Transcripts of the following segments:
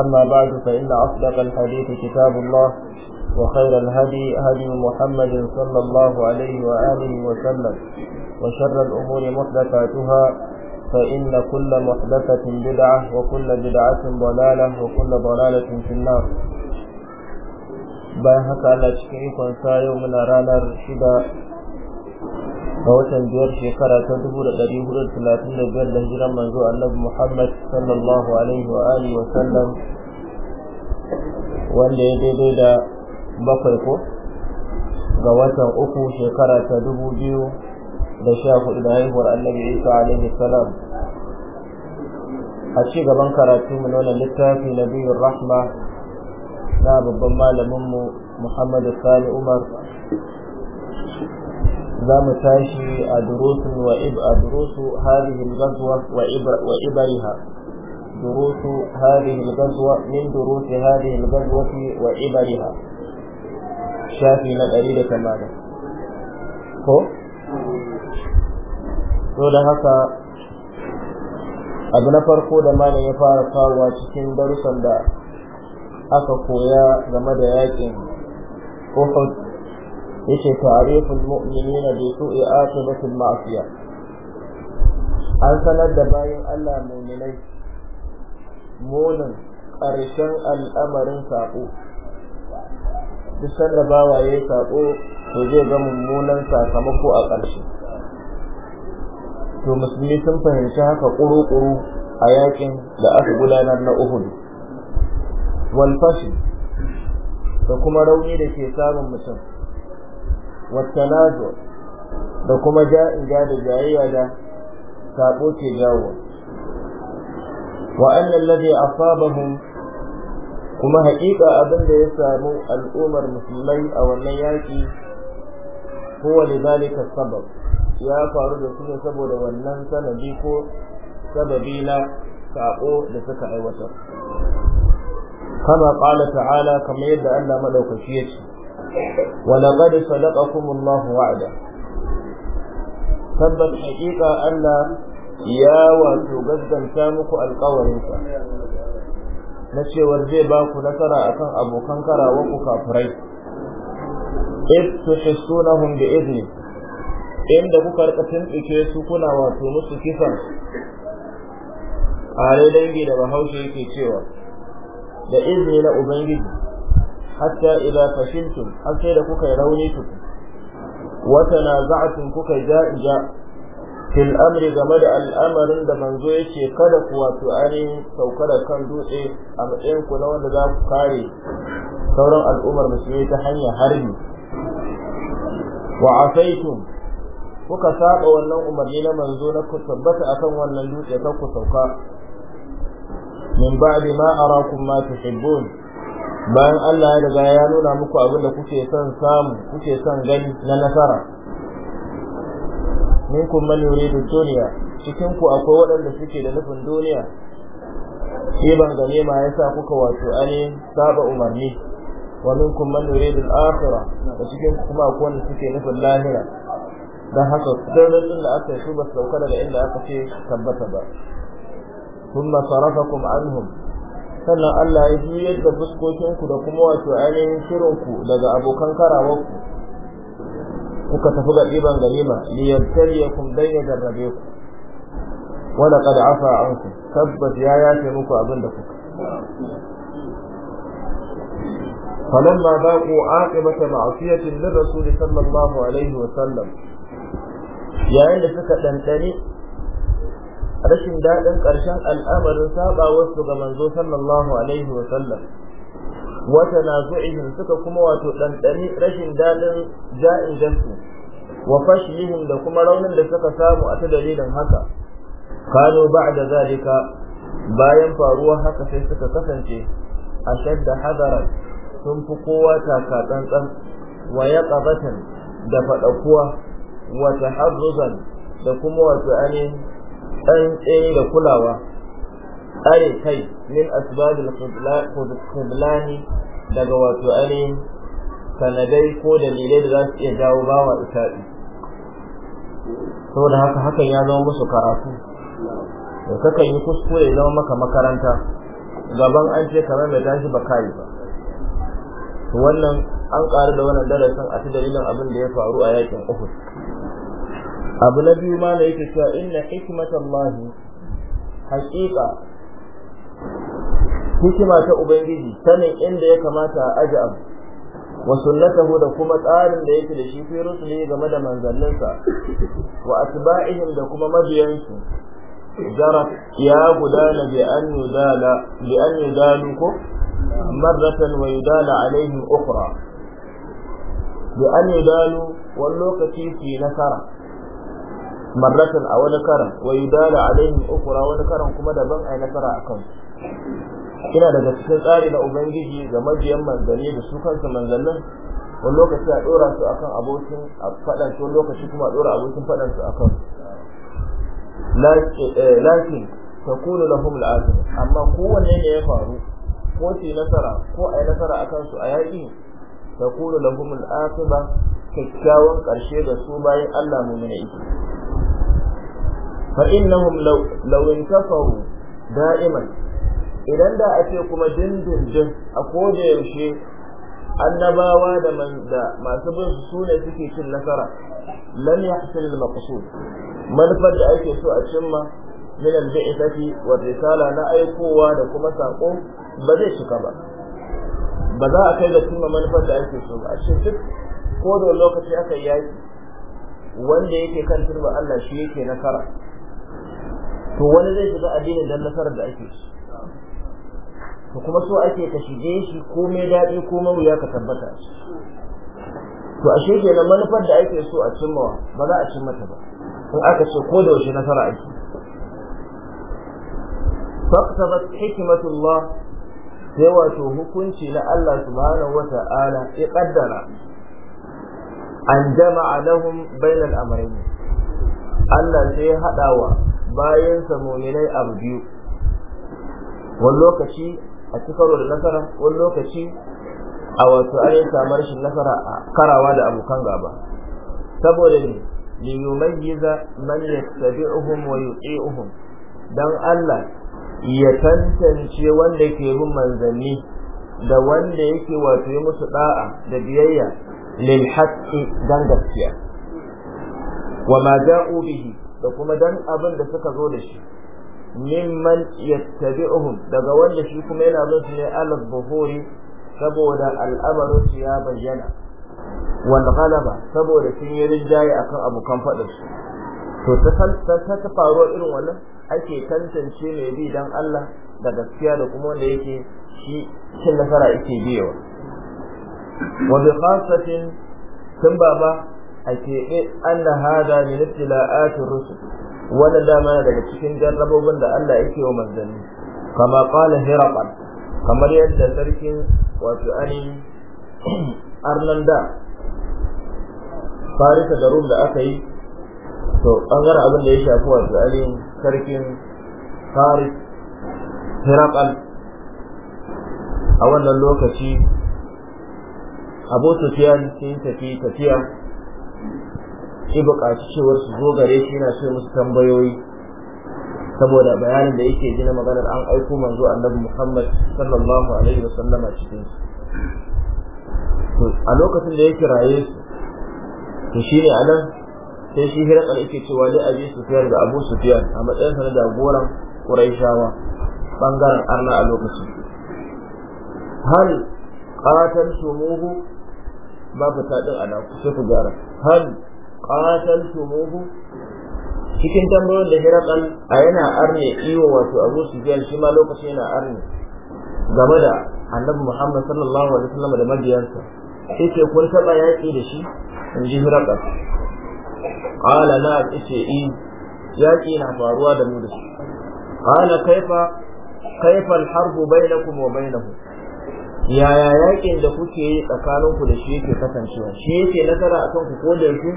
أما بعد فإن أصدق الحديث كتاب الله وخير الهدي هدي محمد صلى الله عليه وآله وسلم وشر الأمور محدثاتها فإن كل محدثة بدعة وكل بدعة ضلالة وكل ضلالة في النار باي haka Allah cikin ikonsa yau muna ranar shida a watan biyar shekara ta dubu da ɗari hudu talatin da biyar da hijiran manzo annabi muhammad sallallahu alaihi wa alihi wa sallam wanda ya daidai da bakwai ko ga watan uku shekara ta dubu biyu da sha hudu da haihuwar annabi isa alaihi salam a ci gaban karatu mu nuna littafi na biyun rahma na babban malaminmu muhammadu sani umar za mu tashi a durusun wa a durusu wa ibariha durusu min wa shafi na ɗari da tamanin ko? so haka abu na farko da mana ya fara kawo cikin darussan da aka koya game da yakin ko yace tariful mu'minina bi su'i aqibatil ma'asiya an sanar da bayin Allah mu'minai molin ƙarshen al'amarin saƙo duk da bawaye saƙo to zai ga mummunan sakamako a ƙarshe to musulmi sun fahimci haka ƙuru a yakin da aka gudanar na uhud fashi. da kuma rauni da ke samun mutum watanazo da kuma ja'in ja da jayayya da sabo ke jawo wa anna alladhi asabahum kuma haƙiƙa abin da ya samu al'ummar musulmai a wannan yaƙi kowane zalika sabab ya faru da su ne saboda wannan sanadi ko sababi na sabo da suka aiwatar kama qala ta'ala kamar yadda Allah madaukaki yake ولقد صدقكم الله وعده tabbas haƙiƙa Allah ya wato gagganta muku alƙawarinsa na cewar zai baku ku nasara akan abokan karawanku kafirai if tuhissunahum bi izni inda kuka rika tuntuke su kuna wato musu kisan a dangi da bahaushe yake cewa da izini na ubangiji hatta idza fashiltum har sai da kuka rauni tuku wa tanaza'tum kuka ja'ija fil amri game da al'amarin da manzo yake kada ku wato ainihin sauka da kan dutse a matsayin ku na wanda za ku kare sauran al'ummar musulmi ta hanyar harbi wa asaitum kuka saba wannan umarni na manzo na ku tabbata akan wannan dutse ta ku sauka min ba'di ma arakum ma tuhibbun bayan Allah ya daga ya nuna muku abin da kuke son samu kuke son gani na nasara mani wuri da duniya, cikin ku akwai waɗanda suke da nufin duniya shi ban gane ma sa kuka wato ane saba umarni wa kun mani wuri da akhira da cikin ku kuma akwai wanda suke nufin lahira dan haka dukkan da aka yi su ba su daga inda aka ce tabbata ba ثم صرفكم عنهم sannan Allah ya juyar da fuskokinku da kuma wato ainihin shirinku daga abokan karawarku kuka tafi ga ɗiban ganima liyabtaliyakum dan ya jarrabe ku ka da afa ku tabbas ya yafe muku abin da kuka falamma baqu aqibata ma'siyatin lirrasul sallallahu alaihi wa sallam yayin da suka ɗanɗani rashin daɗin ƙarshen al'amarin wasu ga manzo sallallahu alaihi wa sallam wata na suka kuma wato ɗanɗani rashin daɗin ja'in jansu wa fashihim da kuma raunin da suka samu a ta dalilin haka kano ba ba'da zalika bayan faruwa haka sai suka kasance a shadda hadaran sun fi kowa taka tsantsan wa yaqabatan da faɗakuwa Wata taharruzan da kuma wato ainihin tsantsaye da kulawa tsare kai min asbabul khudlani daga wato ainihin sanadai ko dalilai da za su iya jawo bawa isa'i saboda haka hakan ya zama musu karatu da kakan yi kuskure zama maka makaranta gaban an ce kamar da tashi ba kai ba wannan an ƙaru da wannan darasin a ta dalilin abin da ya faru a yakin Uhud abu na biyu ma na yake cewa inna hikmatallahi haqiqa hikima ta ubangiji sanin inda ya kamata a aji abu wa sunnatahu da kuma tsarin da yake da shi fi rusuli game da manzanninsa wa atba'ihim da kuma mabiyansu jarat ya gudana bi an yudala bi an yudalu ko marratan wa yudala alaihim ukhra bi an yudalu wani lokaci fi nasara marratan a wani karan wa yudala alaihim ukura wani karan kuma daban ai nasara akan ina daga cikin tsari na ubangiji ga majiyan manzanni da su kansu manzannin wani lokaci a dora su akan abokin a fadan su wani lokaci kuma a dora abokin fadan su akan eh, lakin takunu lahum al'azim amma kowanne ne ya faru ko su nasara ko ai nasara akan su a yaƙi takunu lahum al'azim kyakkyawan ƙarshe ga su bayan Allah mu ne فإنهم لو لو انتصروا دائما idan da a kuma dindindin a koda yaushe annabawa da da masu bin su ne suke cin nasara lam yahsil al maqsud manufar da ake so a cimma min al bi'thati wa risala na aikowa da kuma sako ba zai cika ba ba za a kai da cimma manufar da ake so ba a cikin duk ko da lokaci aka yaki wanda yake kan turba Allah shi yake nasara to wani zai shiga addinin dan nasarar da ake to kuma so ake ka shige shi komai daɗi komai wuya ka tabbata to ashe kenan manufar da ake so a cimmawa ba za a cimma ta ba in aka ce ko da yaushe nasara ake faktabat hikmatullah sai wato hukunci na Allah subhanahu wata'ala ya kaddara an jama'a lahum bainal amrayn Allah sai ya haɗawa. bayan sa mu'minai abu biyu wani lokaci a ci da nasara wani lokaci a wato an yi samu nasara a karawa da abokan gaba saboda ne li yumayyiza man yattabi'uhum wa yuti'uhum dan Allah ya tantance wanda ke bin manzanni da wanda yake wato yi musu da'a da biyayya lil haqqi dan gaskiya wa ma ja'u bihi da kuma dan abin da suka zo da shi mimman yattabi'uhum daga wanda shi kuma yana zo ne alal buhuri saboda al'amaru ya bayyana wal ghalaba saboda sun yi rinjaye akan abokan fadin su to ta ta faruwar irin wannan ake tantance mai bi dan Allah da gaskiya da kuma wanda yake shi cin nasara yake biyewa wa bi khasatin tun baba a keɓe na hada na ibtila'atir rusu wani dama daga cikin jarrabobin da Allah ya ke wa manzanni kama qala hiraqan kamar yadda sarkin wato ani arnanda farisa da rum da aka yi to bangaren abin da ya shafi wato ani sarkin faris hiraqan a wannan lokaci abu sufiyan sun tafi tafiya ya buƙaci cewar su zo gare shi yana ce musu tambayoyi saboda bayanin da yake ji na maganar an aiko manzo annabi Muhammad sallallahu alaihi wasallama cikin to a lokacin da ya kiraye to ne anan sai shi hirakal yake cewa li su sufyan da abu sufyan a matsayin sa na jagoran quraishawa bangaren Allah a lokacin hal qatal sumuhu babu tadin ana kusa ku gara hal qataltumuhu cikin tambayoyin da hirakan a yana arne iyo wato Abu Sufyan shi ma lokacin yana arne game da Annabi Muhammad sallallahu alaihi wasallam da mabiyansa sai ce kun taba yaki da shi in ji hirakan qala la ce in eh, yaki na faruwa da mu da shi qala kaifa kaifa al bainakum wa bainahu yaya yakin da kuke yi tsakaninku da shi yake kasancewa shi yake nasara a kanku ko da yake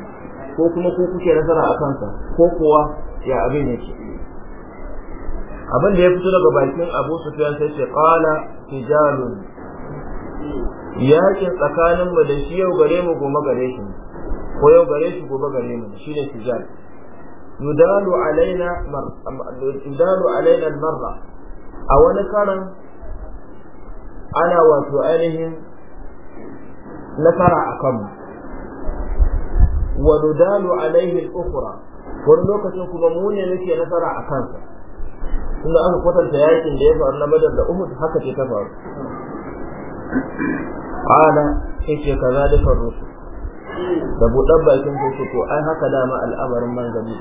ko kuma ko kuke nasara a kansa ko kuwa ya abin yake abin da ya fito daga bakin Abu Sufyan sai ce qala tijalun yakin tsakanin mu da shi yau gare mu gobe gare shi ko yau gare shi gobe gare mu ne tijal yudalu alaina mar yudalu alaina marra a wani karan ana wato ainihin nasara a kanmu wa nudalu alaihi al-ukhra wani lokacin kuma mu ne muke nasara a kansa tunda aka kwatanta yakin da ya faru na badar da uhud haka ce ta faru qala kace kazalika rusul da buɗar bakin su to ai haka dama al'amarin manzanni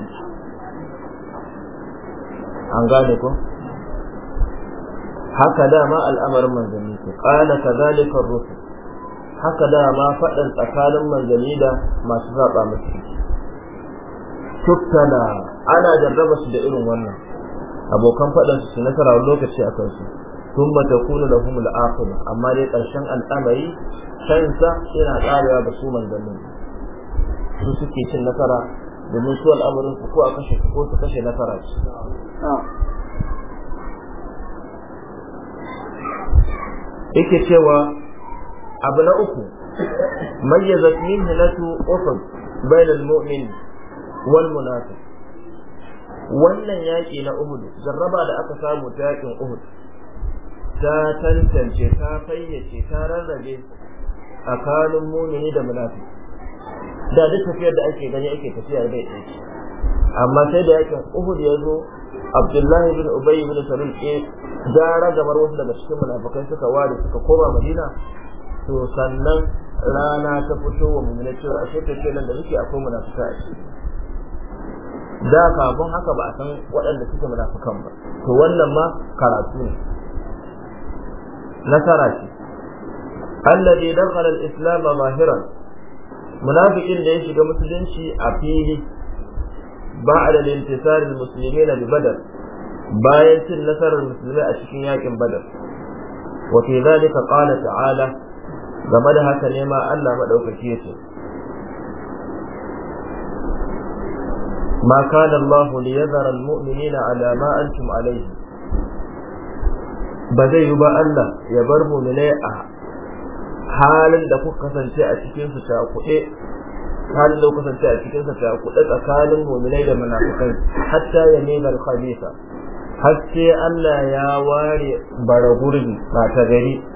an gane ko haka dama al'amarin manzanni qala kazalika rusul haka da ma faɗan tsakanin manzanni da masu zaɓa musu tuttana ana jarraba su da irin wannan abokan faɗansu su nasara wani lokaci a kansu sun mata kuna da humul akuma amma dai ƙarshen al'amari kansa yana ƙarewa da su manzannin su suke cin nasara domin su al'amarin su ko a kashe ko su kashe nasara su. yake cewa abu na uku mayyazat min hilatu uhud bainal mu'min wal munafiq wannan yaƙi na uhud jarraba da aka samu ta yaƙin uhud ta tantance ta fayyace ta rarrabe tsakanin mumini da munafiki da duk tafiyar da ake gani ake tafiya da ɗaya amma sai da yakin uhud ya zo abdullahi bin ubay bin salul ke gara gamar wasu daga cikin munafikai suka ware suka koma madina to sannan rana ta fito wa mummuna cewa ashe ta ce nan da muke akwai munafuka a ciki da kafin haka ba a san waɗanda suke munafukan ba to wannan ma karatu ne nasara ce alladhi dakhala al-islam zahiran munafiqin da ya shiga musulunci a fili ba'da al-intisar al-muslimin bi badar bayan cin nasarar musulmai a cikin yakin badar wa fi dhalika qala ta'ala game da haka ne ma Allah madaukaki yace ma kana Allah liyadhara na ala ma antum alayhi ba zai yi ba Allah ya bar mu'minai a halin da kuka kasance a cikin su ta kuɗe halin da kuka kasance a cikin su ta kuɗe tsakanin mu'minai da munafikai hatta yamina al-khabitha har sai Allah ya ware bara gurbi ba ta gari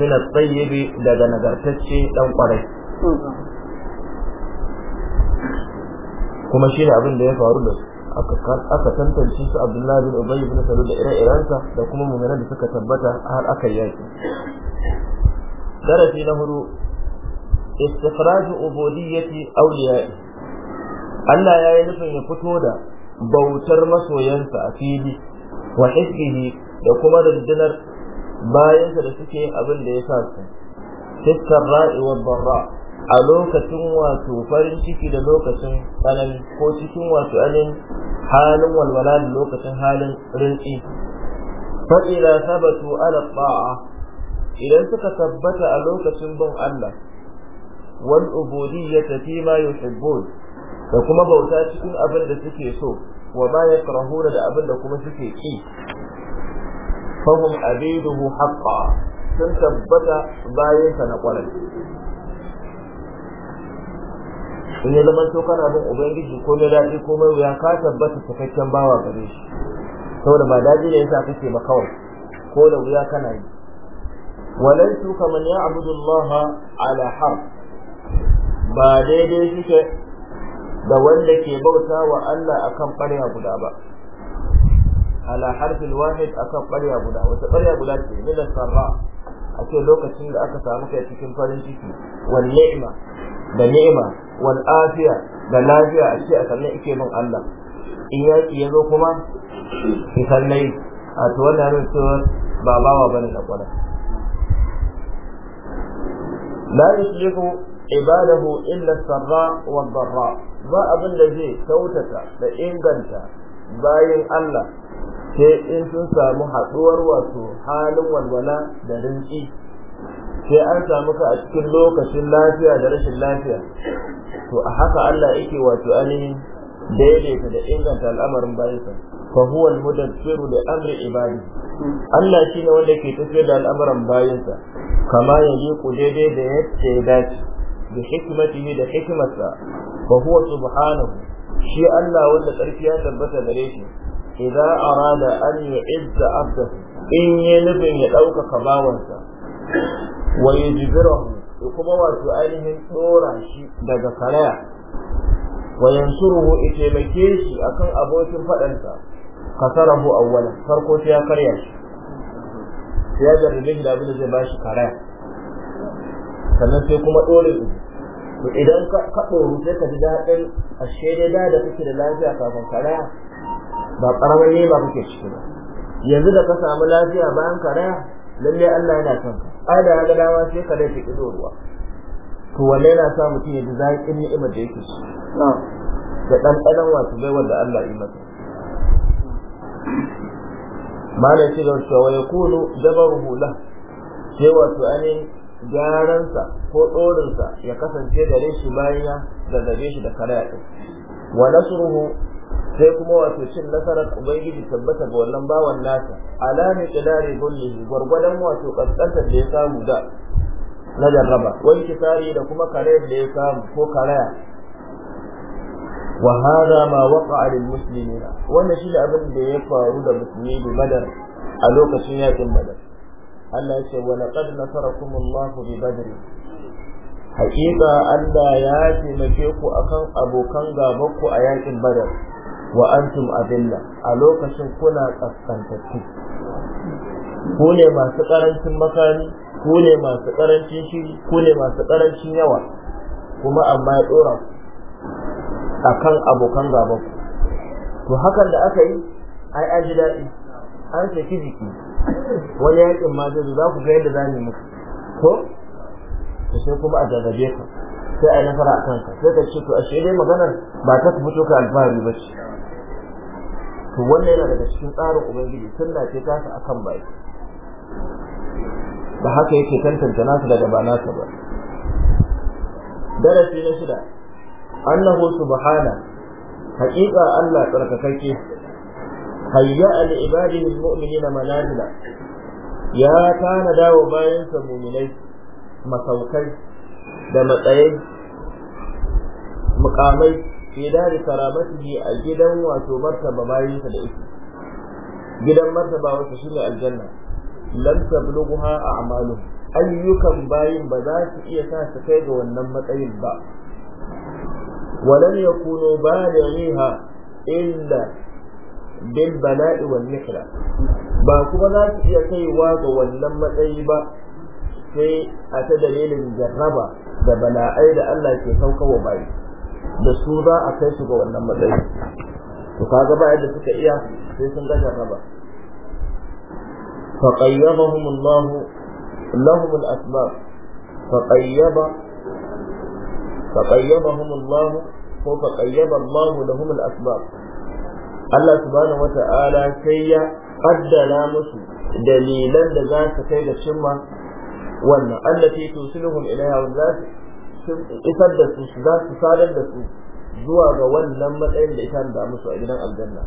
min at-tayyib daga nagartacce dan kwarai kuma shi ne abin da ya faru da aka tantance su Abdullahi bin Ubay bin Salul da ire sa, da kuma mu'minan da suka tabbata har aka yaki darasi na huru istikhraj ubudiyyati awliya'i Allah ya yi nufin ya fito da bautar masoyansa a fili wa hizbihi da kuma rundunar bayansa da suke yin abin da ya sa su fiskar ra'i wa barra a lokacin wato farin ciki da lokacin tsanani ko cikin wato alin halin walwala da lokacin halin rinci fa ila sabatu ala ta'a idan suka tabbata a lokacin bin Allah wal ya fi ma yuhibbun da kuma bauta cikin abin da suke so wa ma yakrahuna da abin da kuma suke ki fahum abiduhu haqqa sun tabbata bayansa na kwarai in ya zama to kana bin ubangiji ko na daɗi ko mai wuya ka tabbata cikakken bawa gare shi saboda ba daji ne yasa kake ba kawai ko da wuya kana yi walaysu kaman ya'budu Allah ala har ba daidai suke da wanda ke bauta wa Allah akan ɓarya guda ba ala harfin wahid akan ƙwarya guda wata ƙwarya guda ce min sarra a ce lokacin da aka samu kai cikin farin ciki wal ni'ma da ni'ma wal afiya da lafiya a ce a sannan ike min Allah in yaƙi ya zo kuma ki sannai a to wannan min cewa ba bawa bane na ƙwarar la yushriku ibadahu illa sarra wad darra ba abin da zai kautata da inganta bayan Allah sai in sun samu haɗuwar wato halin walwala da rinki sai an samu ka a cikin lokacin lafiya da rashin lafiya to a haka Allah yake wato ainihin daidaita da inganta al'amarin bayansa fa huwa al-mudabbiru li amri ibadi Allah shi ne wanda ke tafiyar da al'amuran bayansa kama ku daidai da yadda ya dace da ne da hikmarsa fa huwa subhanahu shi Allah wanda karfi ya tabbata gare shi a arada an yi idda abda in yi nufin ya ɗaukaka bawansa wa yujbirahu ya kuma wato ainihin tsora shi daga karaya wa yansuruhu ya taimake shi akan abokin faɗansa kasarahu awwala farko ta ya karya shi sai ya jarrabe shi da abin da zai bashi karaya sannan sai kuma ɗore idan ka ɗoru sai ka ji daɗin ashe dai da kake da lafiya kafin karaya ba karamar ne ba kake ciki ba yanzu da ka samu lafiya bayan karaya lalle Allah yana son ka ai da ga dama sai ka dace ido ruwa to wanne yana sa mutum ya ji zaƙin ni'imar da yake ci da ɗanɗanon wasu bai wanda Allah yi masa malam shi da cewa ya kulu dabaruhu la sai wato ainihin gyaransa ko ɗorinsa ya kasance gare shi bayan ya zazzabe shi da karaya ɗin wa nasruhu sai kuma wato cin nasarar ubangiji tabbata ga wannan bawan nasa ala ne qidari kullihi wato kaskantar da ya samu da na jarraba wai kitari da kuma kare da ya samu ko karaya wa hada ma waqa'a lil muslimina wannan shi abin da ya faru da musulmi da badar a lokacin yakin badar Allah ya ce wa laqad nasarakumullahu bi badr haƙiƙa Allah ya taimake ku akan abokan ku a yakin badar wa antum adilla a lokacin kuna kaskantattu ku ne masu karancin makani? ku ne masu karancin shiri ku ne masu karancin yawa kuma amma ya dora akan abokan gaban ku to hakan da aka yi ai an ji daɗi an saki jiki wani yakin ma zai za ku ga yadda za mu yi muku ko to sai kuma a jarrabe ka sai a yi nasara a kanka sai ka ce to ashe dai maganar ba ta fito ka alfahari ba ce to wannan yana daga cikin tsarin ubangiji sunna ce ta akan baki da haka yake tantance nasu daga ba nasa ba darasi na shida annahu subhana haqiqa Allah tsarkakake hayya al ibadihi al mu'minina manazila ya tanada wa bayansa mu'minai masaukai da matsayi mukamai fi dari karamatihi a gidan wato martaba bayinsa da ita gidan martaba wasu shine aljanna lam tablughuha a'malu ayyukan bayin ba za su iya sa su kai ga wannan matsayin ba walan yakunu balighiha illa bil bala'i wal nikra ba kuma za su iya kaiwa ga wannan matsayi ba sai a ta dalilin jarraba da bala'ai da Allah ke saukawa bayi da su za a kai su ga wannan matsayi to kaga ba yadda suka iya sai sun ga jarraba fa qayyabahum Allah lahum al-asbab fa qayyaba fa qayyabahum Allah ko fa qayyaba Allah lahum al-asbab Allah subhanahu wata'ala sai ya qaddara musu dalilan da za su kai ga cimma wannan allati tusiluhum ilaiha wa isar da su za su sadar da su zuwa ga wannan matsayin da ita da musu a gidan aljanna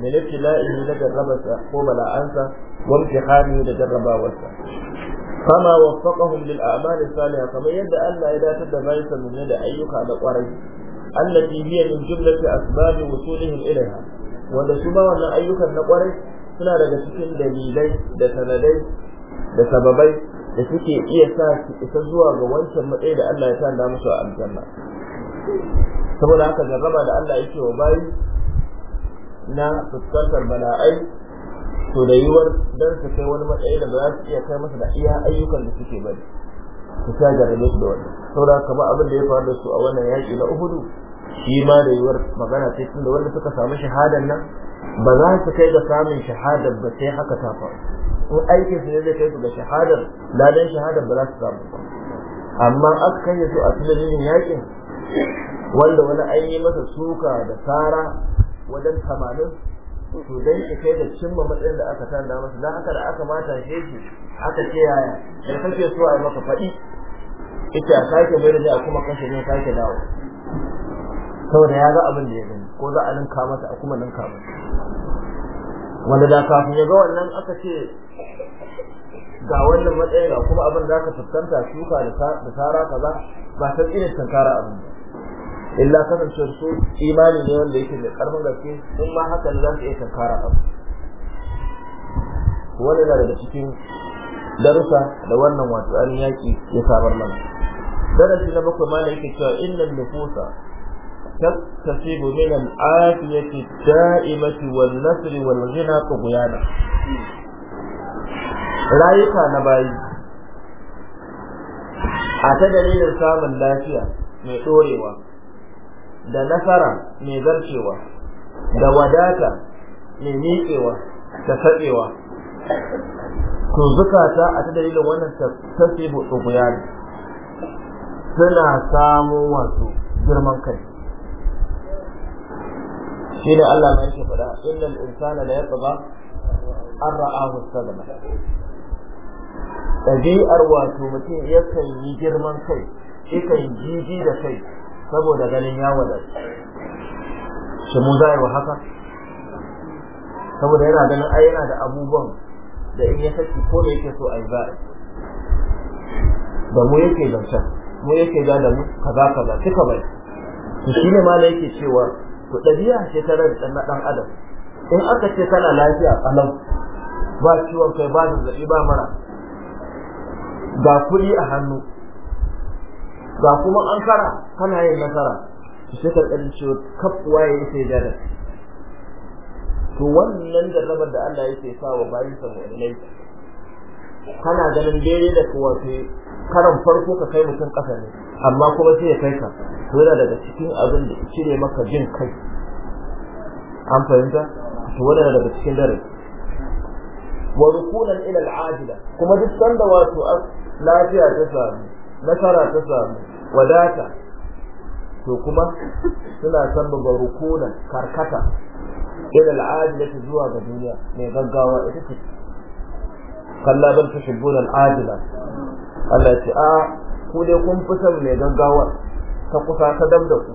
min ibtila'ihi da jarrabata ko bala'ansa wa imtihani da jarrabawarsa kama waffaqahum lil a'mali salihah kamar yadda Allah ya datar da bayansa mun da ayyuka da kwarai allati hiya min jumlati asbabi wusulihim ilaiha wanda su ba wannan ayyukan na kwarai suna daga cikin dalilai da sanadai da sababai da suke iya sa su isa zuwa ga wancan matsayi da Allah ya tanda musu a aljanna saboda haka jarraba da Allah yake wa bayi na fuskantar bala'ai to da yiwuwar dan su kai wani matsayi da za su iya kai masa da iya ayyukan da suke bari su sha jarabe su da wannan saboda haka abin da ya faru da su a wannan yaƙi na Uhudu shi ma da yiwuwar magana sai tun da wanda suka samu shahadar nan ba za su kai ga samun shahadar ba sai haka ta faru in aikin su ne zai kai su ga shahadar ladan shahadar ba za su samu ba amma aka kai su a filin yakin wanda wani an yi masa suka da sara wajen tamanin to dan ki kai da cimma matsayin da aka tanda masa dan haka da aka mata shi aka ce yaya da kake so a maka faɗi ita sake bai da kuma kashe ne sake dawo saboda ya ga abin da ya gani ko za a ninka mata a kuma ninka mata wanda da kafin ya ga wannan aka ce ga wannan matsayi ga kuma abin da aka fuskanta shuka da tara kaza ba san irin tankara abin da illa kasance su imani ne wanda yake da karfin gaske in ma hakan za su iya tankara abin wani na daga cikin darussa da wannan wato an yaki ya sabar mana darasi na bakwai ma da yake cewa innan nufusa تكتسب من العافية الدائمة والنصر والغنى طغيانا rayuka na bayi a ta dalilin samun lafiya mai ɗorewa da nasara mai zarcewa da wadata mai miƙewa da saɓewa to zukata a ta dalilin wannan tasibu tsuguyani suna samun wato girman kai shi ne Allah na yake fada innal insana la yatgha an ra'ahu sadama ɗabi'ar wato mutum yakan yi girman kai yakan jiji da kai saboda ganin ya wadata shi mu zai wa haka saboda yana ganin ai yana da abubuwan da in ya saki ko da yake so ai ba da mu yake zancen mu yake ga da mu kaza kaza duka bai to shine ma yake cewa to ɗabi'a ce ta na ɗan adam in aka ce kana lafiya ƙalau ba ciwon kai ba da ba mara ga kuɗi a hannu ga kuma an kara kana yin nasara shi ka ɗan ciwo kafuwa ya yi sai dare to wannan da rabar da Allah yake sa wa bayin sa kana ganin daidai da kuwa sai karan farko ka kai mutum kasa ne amma kuma sai ya kai ka to yana daga cikin abin da cire maka jin kai an fahimta to wannan daga cikin darasi wa rukunan ila al'ajila kuma duk sanda wato lafiya ta samu nasara ta samu wadata to kuma suna ba rukunan karkata ila al'ajila zuwa ga duniya mai gaggawa ita ce kalla bal shi al-ajila Allah ce a ah, ku dai kun fi son mai gawar? ta kusa ta dab da ku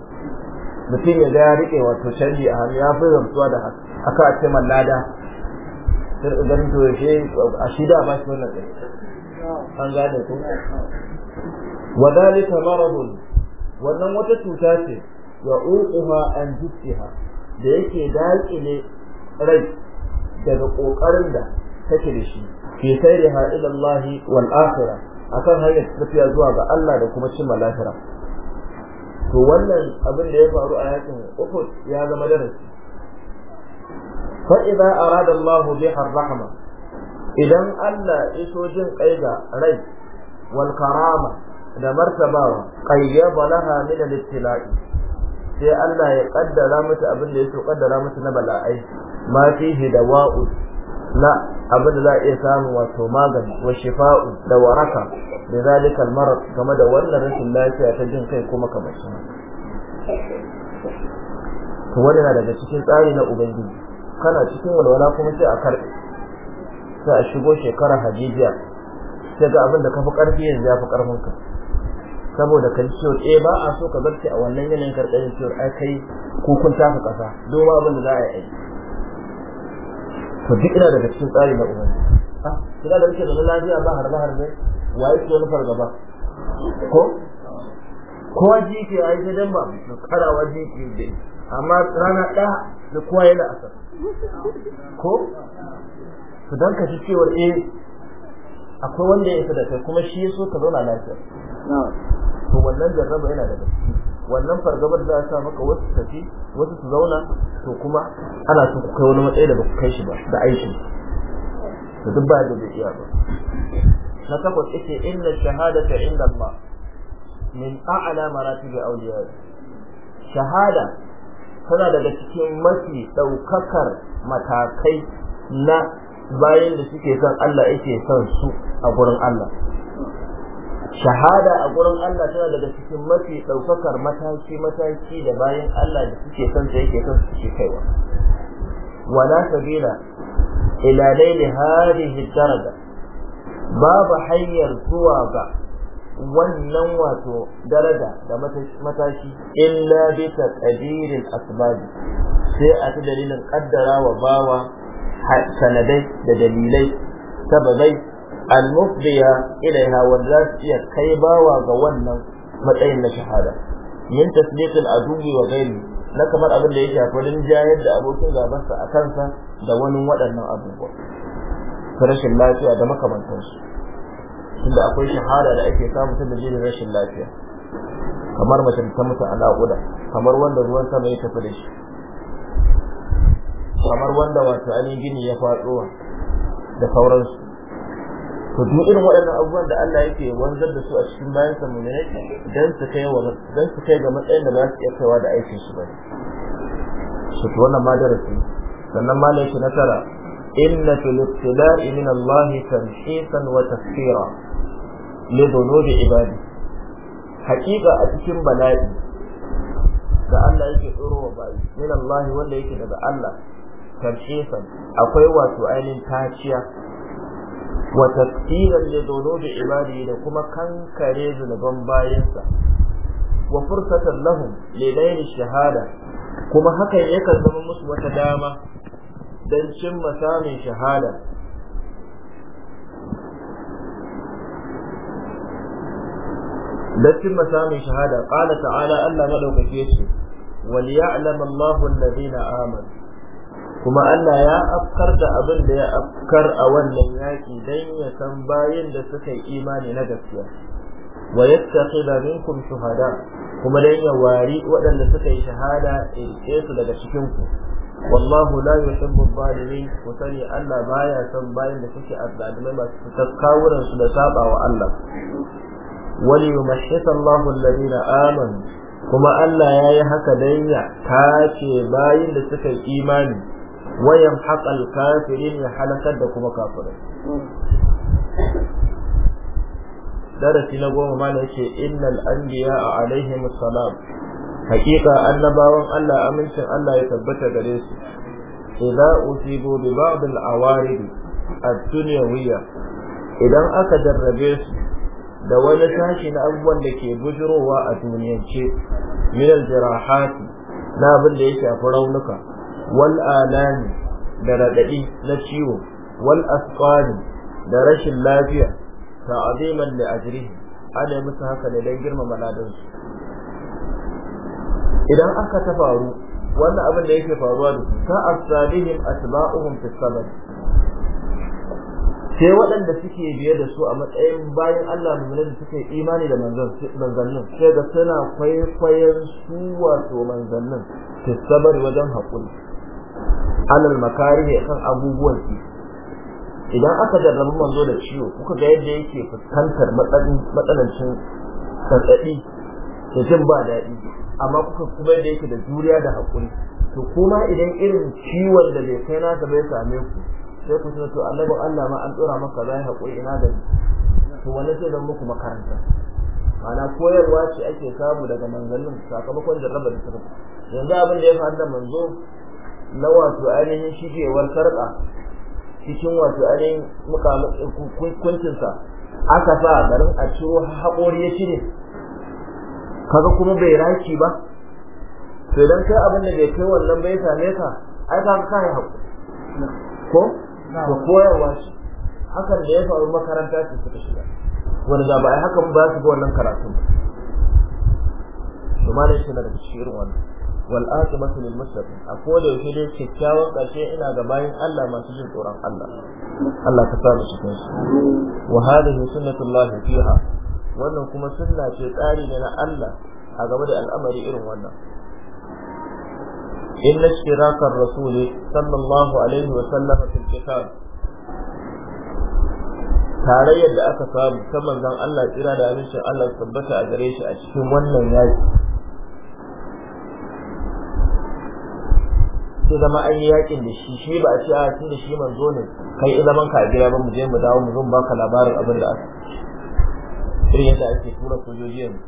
mutum ya ga ya rike wato canji a hannu ya fi zamtuwa da haka aka a ce mallada sai ganin to yaushe a shida ba shi wannan tsaye an gane ku wa dalika maradun wannan wata cuta ce ya uquha an jittiha da yake dakile rai daga kokarin da take da shi fi sayriha ila Allah wal akhirah akan hanyar tafiya zuwa ga Allah da kuma cimma lahira to wannan abin da ya faru a yakin Uhud ya zama darasi fa idza arada Allah biha rahma idan Allah iso jin kai ga rai wal karama da martabawa qayyaba laha min al sai Allah ya kaddara mata abin da ya so kaddara mata na bala'ai ma fihi dawa'u na abin za a iya samu wato magani wa shifa'u da waraka da zalika almarad game da wannan rashin lafiya ta jin kai kuma kamar shi to wannan daga cikin tsari na ubangiji kana cikin walwala kuma sai a karɓe sai a shigo shekara hajijiya sai ga abin da ka fi ƙarfi yanzu ya fi ka. saboda ka ciwo ciwon eh, ba a so ka zarce a wannan yanayin karɓar ciwo ai kai kukun tafi ƙasa doma abin da za a yi aiki to duk ina daga cikin tsari na ubangiji ah kina da muke da lafiya ba harba harbe waye ke wani fargaba ko kowa jiki a yi ta damba karawa jiki dai amma rana ɗaya da kowa yana asar ko to don ka ji cewar eh akwai wanda ya sadaka kuma shi ya so ka zauna lafiya to wannan jarraba yana daga ciki wannan fargabar za ta sa maka wasu tafi wasu su zauna to kuma ana son ku kai wani matsayi da ba ku kai shi ba da aiki Da duk ba da zai ba na takwas ita inna shahadata inda Allah min a'la maratibi awliya shahada tana daga cikin mafi daukakar matakai na bayan da suke son Allah yake son su a gurin Allah shahada a gurin Allah tana daga cikin mafi ɗaukakar mataki mataki da bayan Allah da suke son sa yake son su kaiwa wala sabila ila laili hadhihi daraja babu hanyar zuwa ga wannan wato daraja da matashi illa bi taqdiril asbab sai a ta dalilin kaddara wa bawa sanadai da dalilai sababai al-mufdiya ilaiha wanda za su iya kai bawa ga wannan matsayin na shahada min tasdiqil aduwi wa ghairi na kamar abin da ya din rinjayar da abokin sa a kansa da wani waɗannan abubuwa rashin lafiya da su tunda akwai shahada da ake samu ta dalilin rashin lafiya kamar mace ta mutu a naƙuda kamar wanda ruwan sama ya tafi da shi kamar wanda wato ainihin gini ya faɗo da sauransu to duk irin waɗannan abubuwan da Allah yake wanzar da su a cikin bayan sa mu'mini dan su kai wa dan su kai ga matsayin da ba su iya kaiwa da aikin su bane su to wannan ma sannan ma laifin na tara inna fil ibtida'i min Allah tamhisan wa tafsira li dhunubi ibadi haƙiƙa a cikin bala'i da Allah yake tsoro wa bayi min Allah wanda yake daga Allah tamhisan akwai wato ainihin taciya wa tafsiran li dhunubi ibadihi da kuma kankare zunuban bayansa wa fursatan lahum li layli shahada kuma hakan yakan zama musu wata dama dan cimma samun shahada dan cimma samun shahada qala ta'ala Allah madaukake shi wal ya'lam Allahu alladhina amanu kuma Allah ya afkar da abin da ya afkar a wannan yaki dan ya san bayan da suka yi imani na gaskiya wa yattakhidha minkum shuhada kuma dan ya wari waɗanda suka yi shahada irke su daga cikin ku wallahu la yuhibbu zalimin ku sani Allah baya son bayan da suke azzalimai masu fitar su da saba wa Allah wali yumahhisa Allahu alladhina amanu kuma Allah yayi haka dan ya tace bayin da suka yi imani wayan haƙal kafirin ya halakar da kuma kafirin darasi na goma mana yake innal anbiya alaihim salam hakika annabawan Allah amincin Allah ya tabbata gare su idza usibu bi ba'd al awarid ad-dunyawiyya idan aka jarrabe su da wani tashi na abubuwan da ke bujirowa a duniyance min al jirahat na abin da ya shafi raunuka wal alani da raɗaɗi na ciwo wal asqani da rashin lafiya ta'ziman li ajrihi ana musu haka ne dan girmama ladansu. idan aka ta faru wannan abin da yake faruwa da su ka asalihim asba'uhum fi sai waɗanda suke biye da su a matsayin bayan Allah mummune da suke imani da manzannin sai ga suna kwaikwayon su wato manzannin ta wajen haƙuri alal makarihi kan abubuwan ki idan aka jarrabu manzo da ciwo kuka ga yadda yake fuskantar matsalancin sarɗaɗi da jin ba daɗi amma kuka kuma yadda yake da juriya da haƙuri to kuma idan irin ciwon da bai kai nasa bai same ku sai ku to annabin Allah ma an tsora maka bai haƙuri ina da to wani sai zan muku makaranta ma'ana koyarwa ce ake samu daga manzannin sakamakon jarrabar da suka yanzu abin da ya faru da manzo na wato ainihin shigewar sarƙa cikin wato ainihin kuncinsa aka sa garin a ciro haƙori ya cire kaga kuma bai raki ba to idan kai abin da bai kai wannan bai same ka ai ka ka yi haƙuri ko ko koyarwa ce hakan da ya faru makaranta ce suka shiga Wani da ba ai hakan ba su ga wannan karatun ba to shi na da shirin wannan wal aqibatu lil muttaqin a koda yake dai kyakkyawan karshe ina ga bayin Allah masu jin tsoron Allah Allah ka sa mu cikin su wa hadhihi sunnatullah fiha wannan kuma sunna ce tsari ne na Allah a game da al'amari irin wannan inna shirakar rasuli sallallahu alaihi wa sallam fil kitab tarayyar da aka samu ta manzon Allah tsira da amincin Allah tabbata a gare shi a cikin wannan yaki sai zama an yi yakin da shi shi ba a ce a ah, tun da shi manzo ne kai zaman ka a gida ba mu je mu dawo mu zo baka labarin abin da aka irin yadda ake tura sojoji yanzu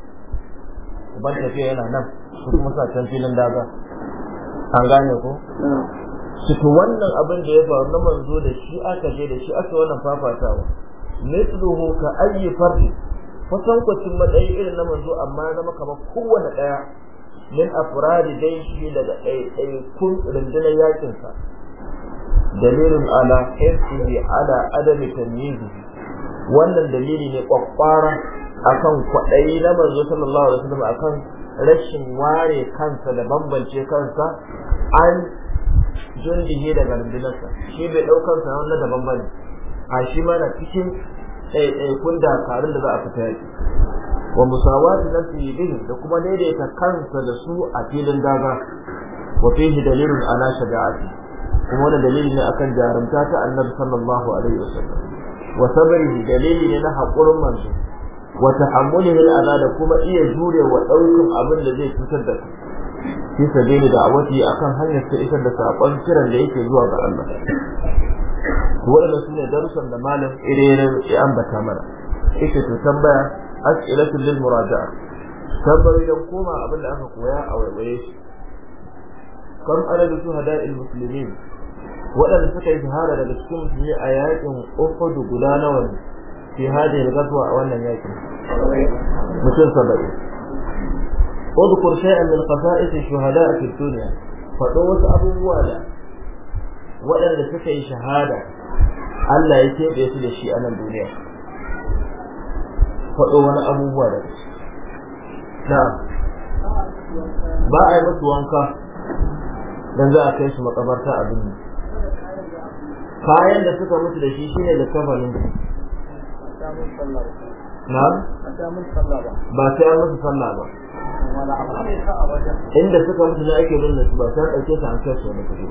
ban tafiya yana nan su kuma sa can filin daga an gane ko su to wannan abin da ya faru na manzo da shi aka je da shi aka wannan fafatawa mithluhu ka ayyi fardi kwatankwacin matsayi irin na manzo amma na maka kowane daya min afradi dai shi daga ɗaiɗaikun rundunar yakinsa dalilin ala hifzihi ala adami tamyizihi wannan dalili ne kwakwara akan kwaɗayi na manzo sallallahu alaihi wasallam akan rashin ware kansa da bambance kansa an jundihi daga rundunarsa shi bai ɗaukar sa wannan daban bane a shi ma na cikin ɗaiɗaikun dakarun da za a fita yaƙi wa musawati lati bihim da kuma daidaita kansa da su a filin daga wa fihi dalilun ala shaja'ati kuma wannan dalili ne akan jarumta ta annabi sallallahu alaihi wasallam wa sabrihi dalili ne na hakurin manzo wa tahammulihi al'ada da kuma iya jure wa daukan abin da zai cutar da kai shi sabili da awati akan hanyar ta isar da sakon kiran da yake zuwa ga Allah wannan su ne darussan da malam irin ya ambata mana ita ta tambaya as'ilatul lil muraja'a tambayoyi don koma abin da aka koya a waiwaye shi kam adadu shuhada'il muslimin waɗanda suka yi shahara daga cikin musulmi a yakin uhudu guda nawa ne fi hadin gaswa a wannan yakin mutum saba'in udkur shay'an min qasa'is shuhada'i fi dunya faɗo wasu abubuwa waɗanda suka yi shahada Allah ya keɓe su da shi a nan duniya faɗo wani abubuwa da na ba a yi musu wanka don za a kai su makabarta a duniya kayan da suka mutu da shi shine da kafanin na ba sai an musu sallah ba inda suka mutu da ake binne su ba sai an ɗauke su an kai su wani kuɗi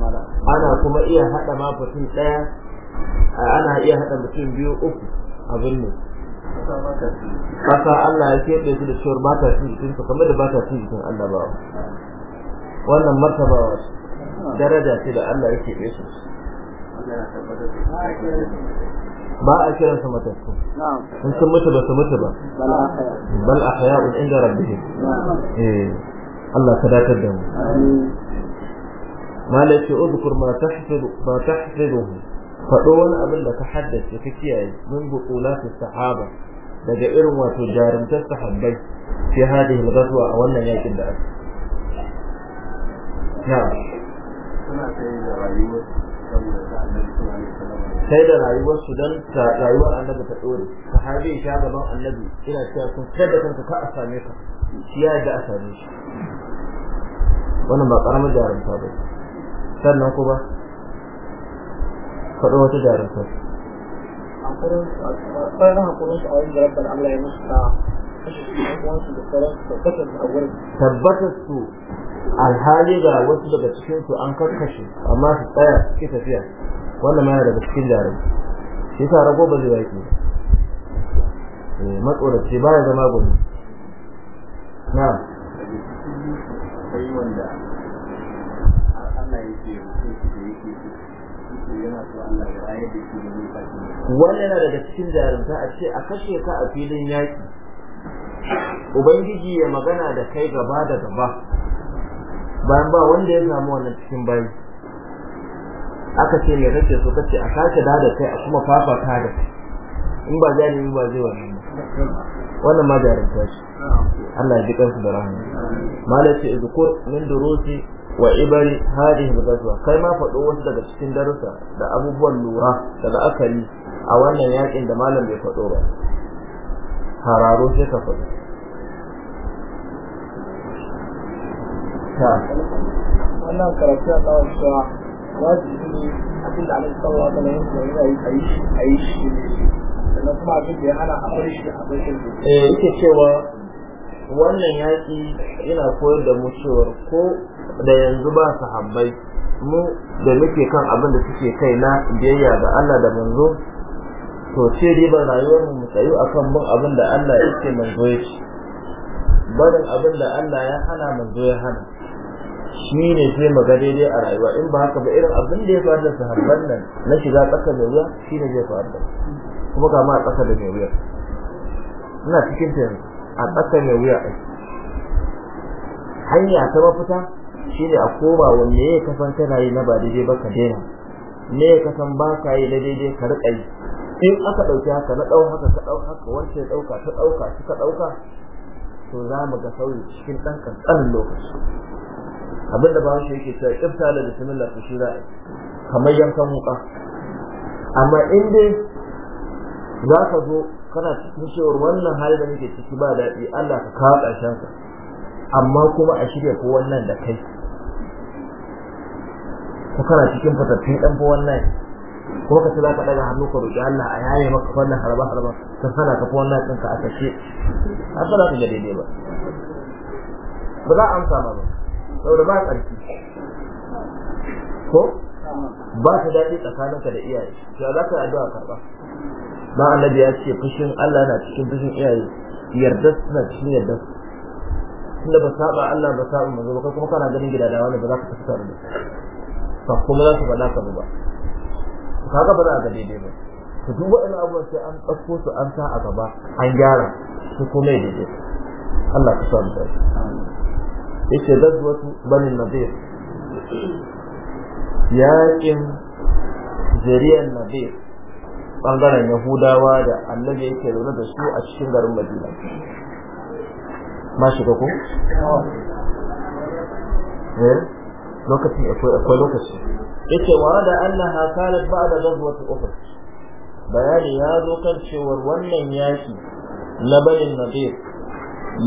ba ana kuma iya haɗa ma mutum ɗaya ana iya haɗa mutum biyu uku abin ne kasa Allah ya keɓe su da cewar ba ta cin jikin su kamar da ba ta cin jikin Allah ba wannan martabawa daraja ce da Allah ya keɓe su ba a kiran su matattu in sun mutu ba su mutu ba bal ahya'un inda rabbihim eh Allah ka dakatar da mu malaka udkur ma tahfidu ma tahfiduhu faɗo wani abin da ka haddace ka kiyaye min buqulati sahaba daga irin wato jarumtar sahabbai fi hadhihi al-ghazwa a wannan yakin da aka na'am sai da rayuwar su dan rayuwar annabi ta dore sahabi ya gaban annabi ina cewa kun kada kanka ka a same ka shi ya da a same shi wannan ba karamar jarumta ba sannan kuma faɗo wata jarumta tabbatar su alhali ga wasu daga cikinsu an karkashe amma su tsaya suke tafiya wannan ma daga cikin jarum shi sa rago ba zai yaki eh, matsorace ba ya zama gudu na wannan yana daga cikin jarumta a ce a kashe ka a filin yaki ubangiji ya magana da kai gaba da gaba bayan ba wanda ya samu wannan cikin bayi aka ce mai rake so kace a sake da kai a kuma fafata da kai in ba yi ba zai wannan wannan ma jarumta shi Allah ya ji kansu da rahama malaci izkur min durusi wa ibari hadhihi al kai ma faɗo wasu daga cikin darussa da abubuwan lura da la'akari a wannan yakin da malam bai faɗo ba hararo sai ka fado ta wannan karatu da tsawon wajibi ne abin da alaihi sallallahu alaihi wasallam ya yi ayi ne shi sannan kuma abin da ya hana a bar shi a bar shi eh yake cewa wannan yaki yana koyar da mu cewa ko da yanzu ba sahabbai mu da muke kan abin da suke kai na biyayya ga Allah da manzo to ce ba rayuwar mu tsayu akan bin abin da Allah ya manzo ya ce barin abin da Allah ya hana manzo ya hana shi ne sai maga daidai a rayuwa in ba haka ba irin abin da ya faru da sahabban nan na shiga tsaka da ruwa shi ne zai faru da kuma ga ma tsaka da ruwa ina cikin ta a tsaka da ruwa hanya ta mafita shine a koma wanne ya kasan kana yi na ba daidai ba ka daina ne ya kasan ba ka yi na daidai ka riƙa yi in aka ɗauki haka na ɗau haka ka ɗau haka wance ɗauka ta ɗauka shi ka ɗauka to za mu ga sauyi cikin ɗan ƙanƙanin lokaci abin da shi yake cewa ƙifta da bismillah to shi kamar yankan wuƙa amma in dai za ka zo kana cikin cewar wannan hali da muke ciki ba daɗi Allah ka kawo ƙarshen amma kuma a shirya ko wannan da kai ko kana cikin fatattun dan fa wallahi ko ka tsaya ka daga hannu ka roki Allah a yaye maka wannan harba harba ka sana ka fa wannan ɗinka a kashe a ba ka gade daidai ba ba za a amsa ba ba saboda ba tsarki ko ba ta daɗi tsakaninka da iyaye to za ka yi addu'a karɓa dan annabi ya ce fushin Allah na cikin fushin iyaye yarda suna cikin yarda tunda ba saba Allah ba saba manzo ba kuma kana ganin gidadawa ne ba za ka tafi ba ba kuma za su faɗa ka ba kaga ba za a ga daidai ba to duk waɗannan abubuwan sai an ɗauko su an sa a gaba an gyara su kuma daidai Allah ka sa mu dace yace gazwatu bani nadir yaƙin jariyar nadir bangaren yahudawa da annabi yake zaune da su a cikin garin madina ma shiga ko? eh lokacin akwai akwai lokaci yace warada annaha kalat ba'da ghazwati ukhra bayani ya zo kan cewa wannan yaki na bayin nadir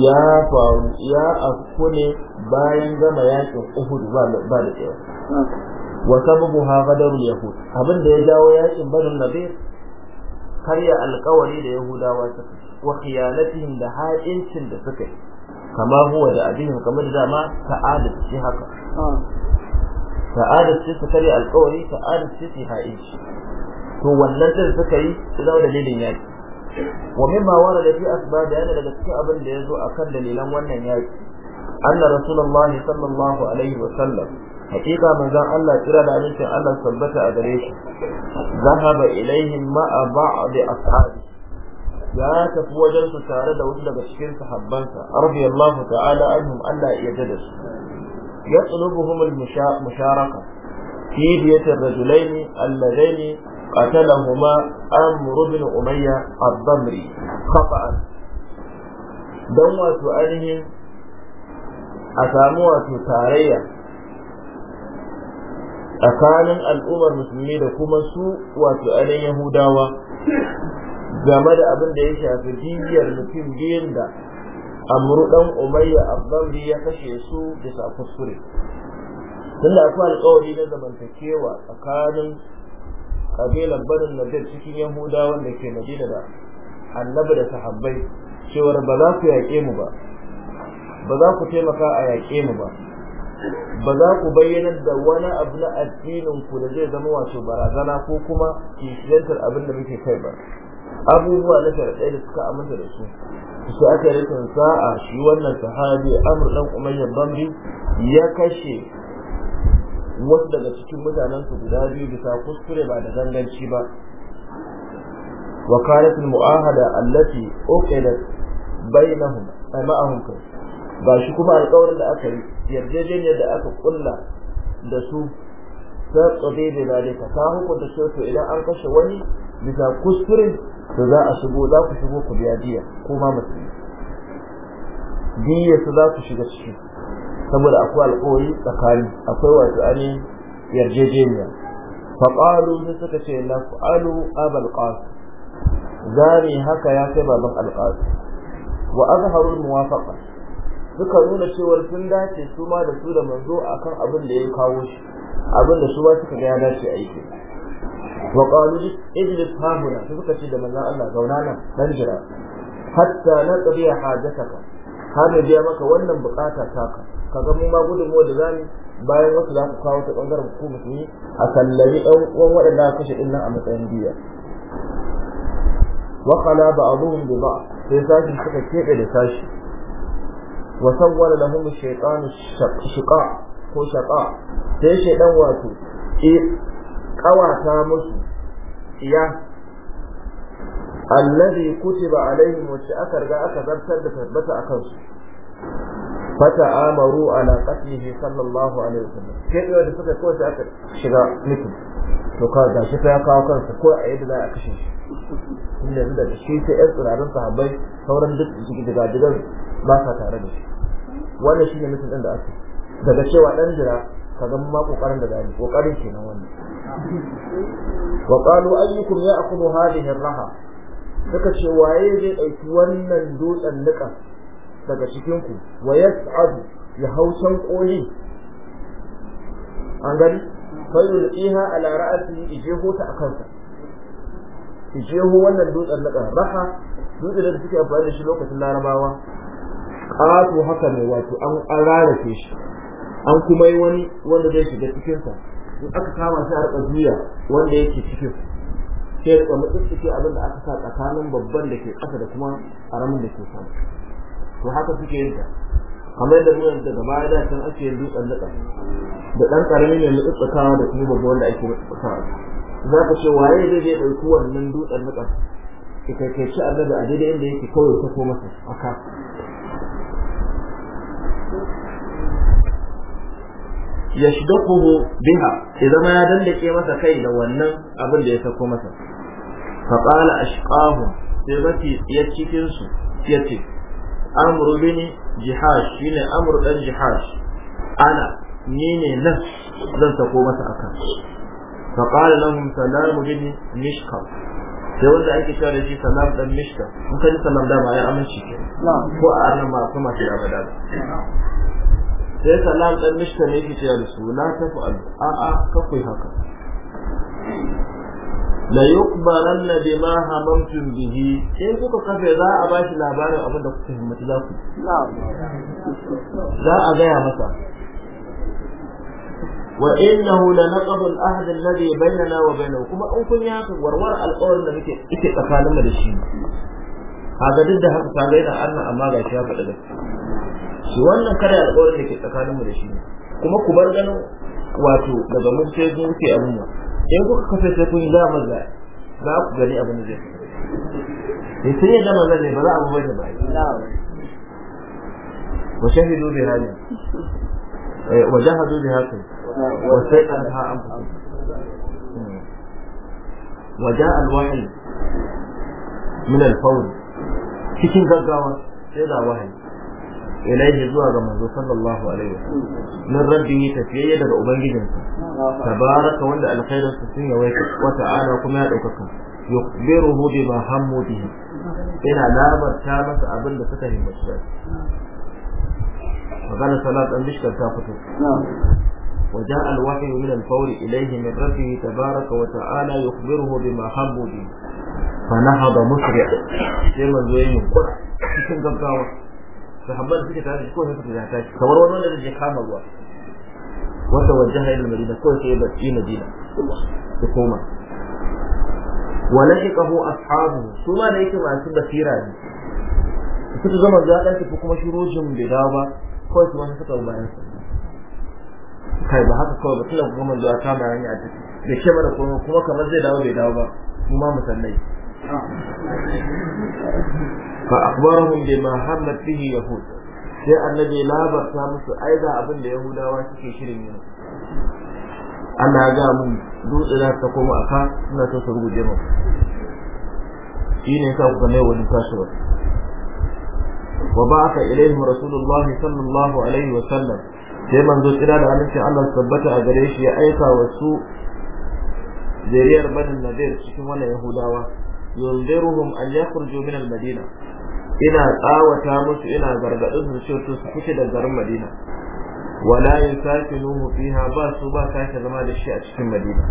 ya faru ya afku ne bayan gama yakin uhud ba ba da cewa wa sababu ha gadarul yahud abin da ya jawo yakin bayin nadir karya alkawari da yahudawa suka wa khiyanatihim da ha'incin da suka yi kama huwa da abihim kamar da dama sa'adat ce haka sa'adat ce ta kare alƙawari sa'adat ce su ha'inci to wannan din suka yi su zama dalilin yaki wa mimma warada fi asbab yana daga cikin abin da yazo akan dalilan wannan yaki anna rasulullahi sallallahu alaihi wa sallam hakika manzon Allah kira da amincin Allah tabbata a gare shi zahaba ilaihim ma'a ba'd ashabi ya tafi wajen tare da wasu daga cikin sahabbansa radiyallahu ta'ala anhum Allah ya yarda su yatlubuhum al-musharaka fi diyati rajulaini alladaini qatalahuma amr ibn umayya ad-damri khata'an dan wato ainihin a samu wato tarayya tsakanin al'ummar musulmi da kuma su wato ainihin yahudawa game da abin da ya shafi jijiyar mutum biyun da amru dan umayya abdalli ya kashe su bisa kuskure tunda akwai alƙawari na zamantakewa tsakanin kabilar barin nadir cikin yahuda wanda ke madina da annabi da sahabbai cewar ba za ku yaƙe mu ba ba za ku taimaka a yaƙe mu ba ba za ku bayyanar da wani abu na addinin ku da zai zama wato barazana ko kuma kishiyantar abin da muke kai ba abubuwa na sharɗai da suka amince da su su aka yi rikin sa'a shi wannan sahabi amur dan umayyar bamri ya kashe wasu daga cikin mutanen mutanensu guda biyu bisa kuskure ba da zanganci ba وكانت المؤاهدة التي أوكلت بينهم kai ba shi kuma alƙawarin da aka yi yarjejeniyar da aka kulla da su ta tsobe da zalika ta hukunta cewa idan an kashe wani bisa kuskure to za a shigo za ku shigo ku biya diya ko ma musulmi diya su za ku shiga ciki saboda akwai alƙawari tsakani akwai wato ani yarjejeniya qalu sai suka ce la fa'alu abal qas zari haka ya kai baban alƙasim wa azharu muwafaqa suka nuna cewar sun dace su ma da su da manzo akan abin da ya kawo shi abin da su ba suka ga ya dace aiki wa qalu ijlis hahuna sai suka ci da maza Allah zauna nan dan jira hatta na qadiya hajataka har da biya maka wannan bukata taka kaga mu ma gudunmuwa da zamu bayan wasu za ku kawo ta bangaren ku musulmi a sallari ɗan uwan waɗanda aka kashe ɗin a matsayin biya wa ba ba'dhum bi ba'd sai sashi suka kebe da sashi wa sawwala lahum shaytanu shiqa ko shaqa sai dan wato ƙawata musu ya allazi kutiba alaihim wacce aka riga aka zartar da tabbata akan su fata amaru ala qatlihi sallallahu alaihi wasallam sai da suka ko da aka shiga miki to ka ga shi ya kawo kansa ko a yadda za a kashe shi inda yanzu da shi sai yan tsirarin sahabbai sauran duk gidan ba sa tare da shi wannan shine mutum din da aka daga cewa dan jira ka ga ma kokarin da zai kokarin kenan wannan wa qalu ayyukum ya'khudhu hadhihi ar-raha suka ce waye zai dauki wannan dutsen nika daga cikin ku wa yas'adu ya hausan koli an gani fayulqiha ala ra'sihi ijehu ta akansa ijehu wannan dutsen nika raha dutsen da suke amfani da shi lokacin larabawa ƙato haka ne wato an rarrafe shi an kuma yi wani wanda zai shiga cikinsa in aka kama shi a rika wanda yake cikin sai ya mutsutsuke abin da aka sa tsakanin babban da ke ƙasa da kuma ƙaramin da ke sama to haka suke yin ta kamar yadda mu yanzu daga baya da can ake yin dutsen nika da ɗan ƙarami ne mutsutsukawa da kuma babban da ake mutsutsukawa za ka ce waye zai je ɗauki wannan dutsen da ki kai kai shi da a daidai inda yake kawai ta koma a kasa. Ya shiga yashdaquhu biha ya zama ya dandake masa kai da wannan abin da ya sako masa fa qala ashqahu sai mafi ya cikin su yace amru bin jihash shine amru ɗan jihash ana ni ne nan zan sako masa akan fa qala lahum salamu bin mishka sai wanda ake cewa da shi salam ɗan mishka in ka ji salam da ma ya amince ko a nan ma kuma shi da badal sai salam dan mishka ne yake cewa su la tafal a a kakwai haka la yuqbalanna bima hamamtum bihi in kuka kafe za a ba shi labarin abin da kuka himmatu za ku za a gaya masa wa innahu la naqdu al ahd alladhi bainana wa bainahu kuma an kun ya warwar alƙawarin da muke ike tsakaninmu da shi kaga duk da haka kaga yana Allah amma ga shi ya faɗa gaskiya shi wannan kada alƙawarin da ke tsakanin mu da shi kuma ku bar ganin wato daga mun ce zo ke abin nan in kuka kafe sai kun za mu za za ku gani abin da zai ne sai ya zama ne ba za a bai da bai wa shahidu bi rani eh, wa jahadu bi hakan wa sai an ha an wa ja'a al-wahy min al-fawr cikin gaggawa sai da wahayi ilaihi zuwa ga manzo sallallahu alaihi wasallam min rabbihi tafiyayya daga ubangijinsa tabaraka wanda alkhairin sa sun yawaita wa ta'ala kuma ya daukaka yukhbiruhu bima hammu Ina labar ta masa abin da suka himmaci da magana salat an bishkar ta fito وجاء الوحي من الفور إليه من ربه تبارك وتعالى يخبره بما حب فنهض مسرعا كما زوين cikin gaggawa sahabban da suke tare da shi suke sai suka kamar wani wanda zai kama ruwa wajen wajaha ila madina ko sai ba shi madina su koma walaikahu ashabu su ma da yake masu basira ne suka zama za dan ko kuma shurujin bai dawo ba ko su ma suka bayan kai ba haka kawai ba tunda kuma manzo ya kama hanya a ciki da ce mana kuma kamar zai dawo bai dawo ba mu musallai fa akhbarahum bima hammat bihi yahud sai annabi ya labarta musu ai ga abin da yahudawa suke shirin yi ana ga mun dutse za ta koma aka suna so su ruguje mu shi ne sa kuma wani tashiwa wa ba'atha ilayhim rasulullahi sallallahu alaihi wa sallam sai manzo kira da annabi Allah tabbata a gare shi ya aika wasu su zariyar banin nadir cikin wannan yahudawa yunziruhum an yakhruju min al-madina ina tsawata musu ina gargadin su cewa su fice da garin madina wala yasakinuhu fiha ba su ba sake zama da shi a cikin madina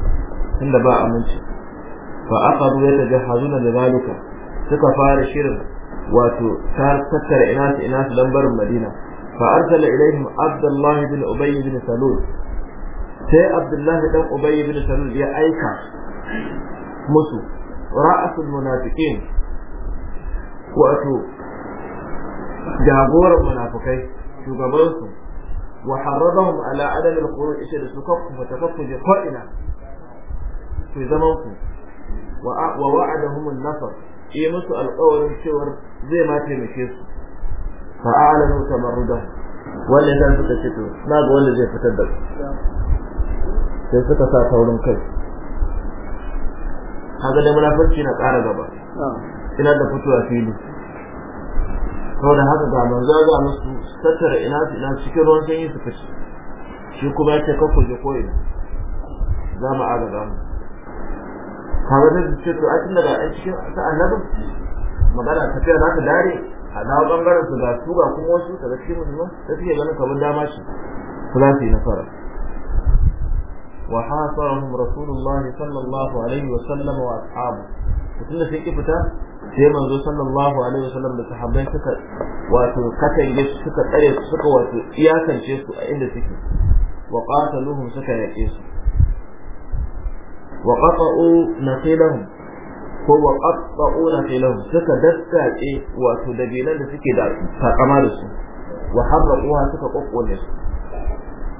tunda ba aminci fa aqadu yatajahazuna da zalika suka fara shirin wato ta tattara ina su ina su lambarin madina fa arsala ilaihim abdullah ibn ubay ibn salul sai abdullah dan ubay ibn salul ya aika musu ra'asul munafiqin wato jagoran munafikai shugabansu wa harradahum ala adad al-khuruj ishe da suka kuma takaffu ji fa'ina ku zaman ku wa wa'adahum an-nasr yi musu alƙawarin cewar zai ma taimake su fa a'lanu tamarrudahum wanda zan suka ce to na ga wanda zai fitar da su sai suka sa taurin kai kaga da munafurci na ƙara gaba ina da fitowa fili da haka ga manzo ga musu tattara ina su ina cikin ruwan sanyi su fice shi kuma yake ce ka kuje ko za mu agaza mu kaga da su ce to a tun daga cikin ta annabi magana tafiya za ta dare a dawo bangaren su ga su ga kuma wasu ta cikin musulman ta fiye ganin kamar dama shi kula za su yi nasara وحاصرهم رسول الله صلى الله عليه وسلم واصحابه tunda sai ki fita sai manzo sallallahu alaihi wasallam da sahabbai suka wato katange suka tsare suka wato iyakance su a inda suke wa qataluhum suka yake su wa qata'u naqilahum ko wa qata'u naqilahum suka daskace wato dabilan da suke da takama da su wa harraquha suka kokkone su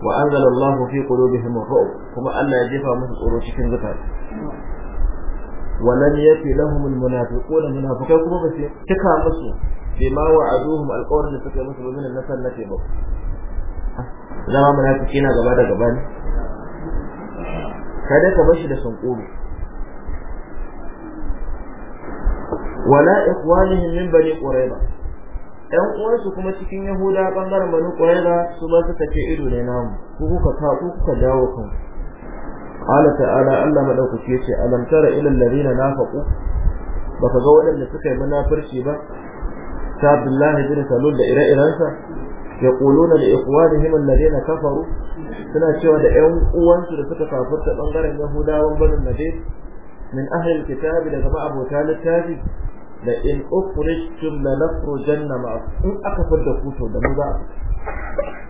wa anzala Allah fi qulubihim ar-ru'b kuma Allah ya jefa musu tsoro cikin zakata wa lam yati lahum al-munafiquna munafiqai kuma ba sai cika musu ma wa'aduhum al qawl da suka musu min nasar na ba zama munafiki na gaba da gaba ne kada ka bashi da sankuru wala ikhwanihim min bani quraiba Yan uwansu kuma cikin yahuda bangaren banu ƙwararra su ba suka ce ido ne namu ku kuka ka ku kuka dawo kan qala ta'ala Allah madaukaki yace alam tara ila alladhina nafaqu baka ga waɗanda suka yi munafurci ba ta Abdullah ibn Salul da ire-irensa yaquluna li ikhwanihim alladhina kafaru suna cewa da ƴan uwansu da suka kafirta bangaren yahudawan banu nadir min ahli alkitab da jama'a abota littafi Da in ukhrijtum na nakhrujanna ma in aka fadda ku da mu za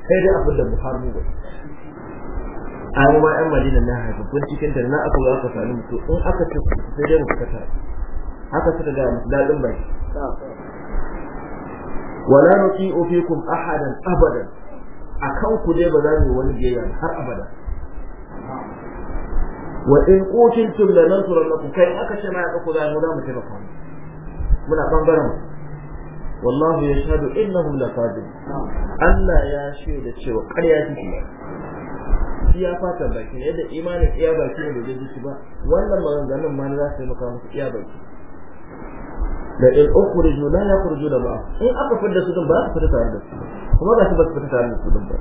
kai dai abin da mu ba ai ma 'yan madina na haifar kun cikin da na aka zo aka sami to in aka ci sai dai mu fita haka suka ga daɗin bai wala ki nuti'u fikum ahadan abadan akan ku dai ba za mu wani gaya har abadan. wa in qutiltum la nansurannakum kai aka ce ma ya ku za mu da mu taimaka muna bangaren ya yashhadu innahum lakadib Allah ya da cewa ƙarya take ya fata baki ne da imanin iya baki ne da zuci ba wannan maganganun ma za su yi maka musu iya baki da in ukhriju la yakhrujuna ba, in aka fidda su din ba su fita tare da su kuma ba su ba su fita tare da su din ba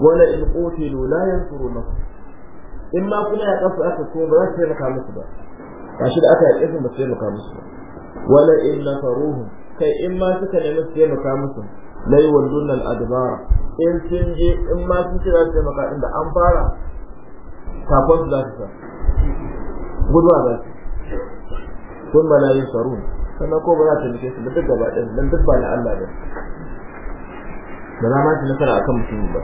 wala in qutilu la yansuruna in ma kuna ya kasu aka ko ba za su yi maka musu ba shi da aka yi kafin ba su yi maka musu ba wala in nafaruhum kai in ma suka nemi su taimaka musu lai wallun al-adbara in sun je in ma sun ce za su taimaka inda an fara kafin su za su sa gudwa za su kun ma yin yansarun sannan ko ba za ta nike su da duk gaba ɗin dan duk ba na Allah ba da rama ta ci nasara akan mutum ba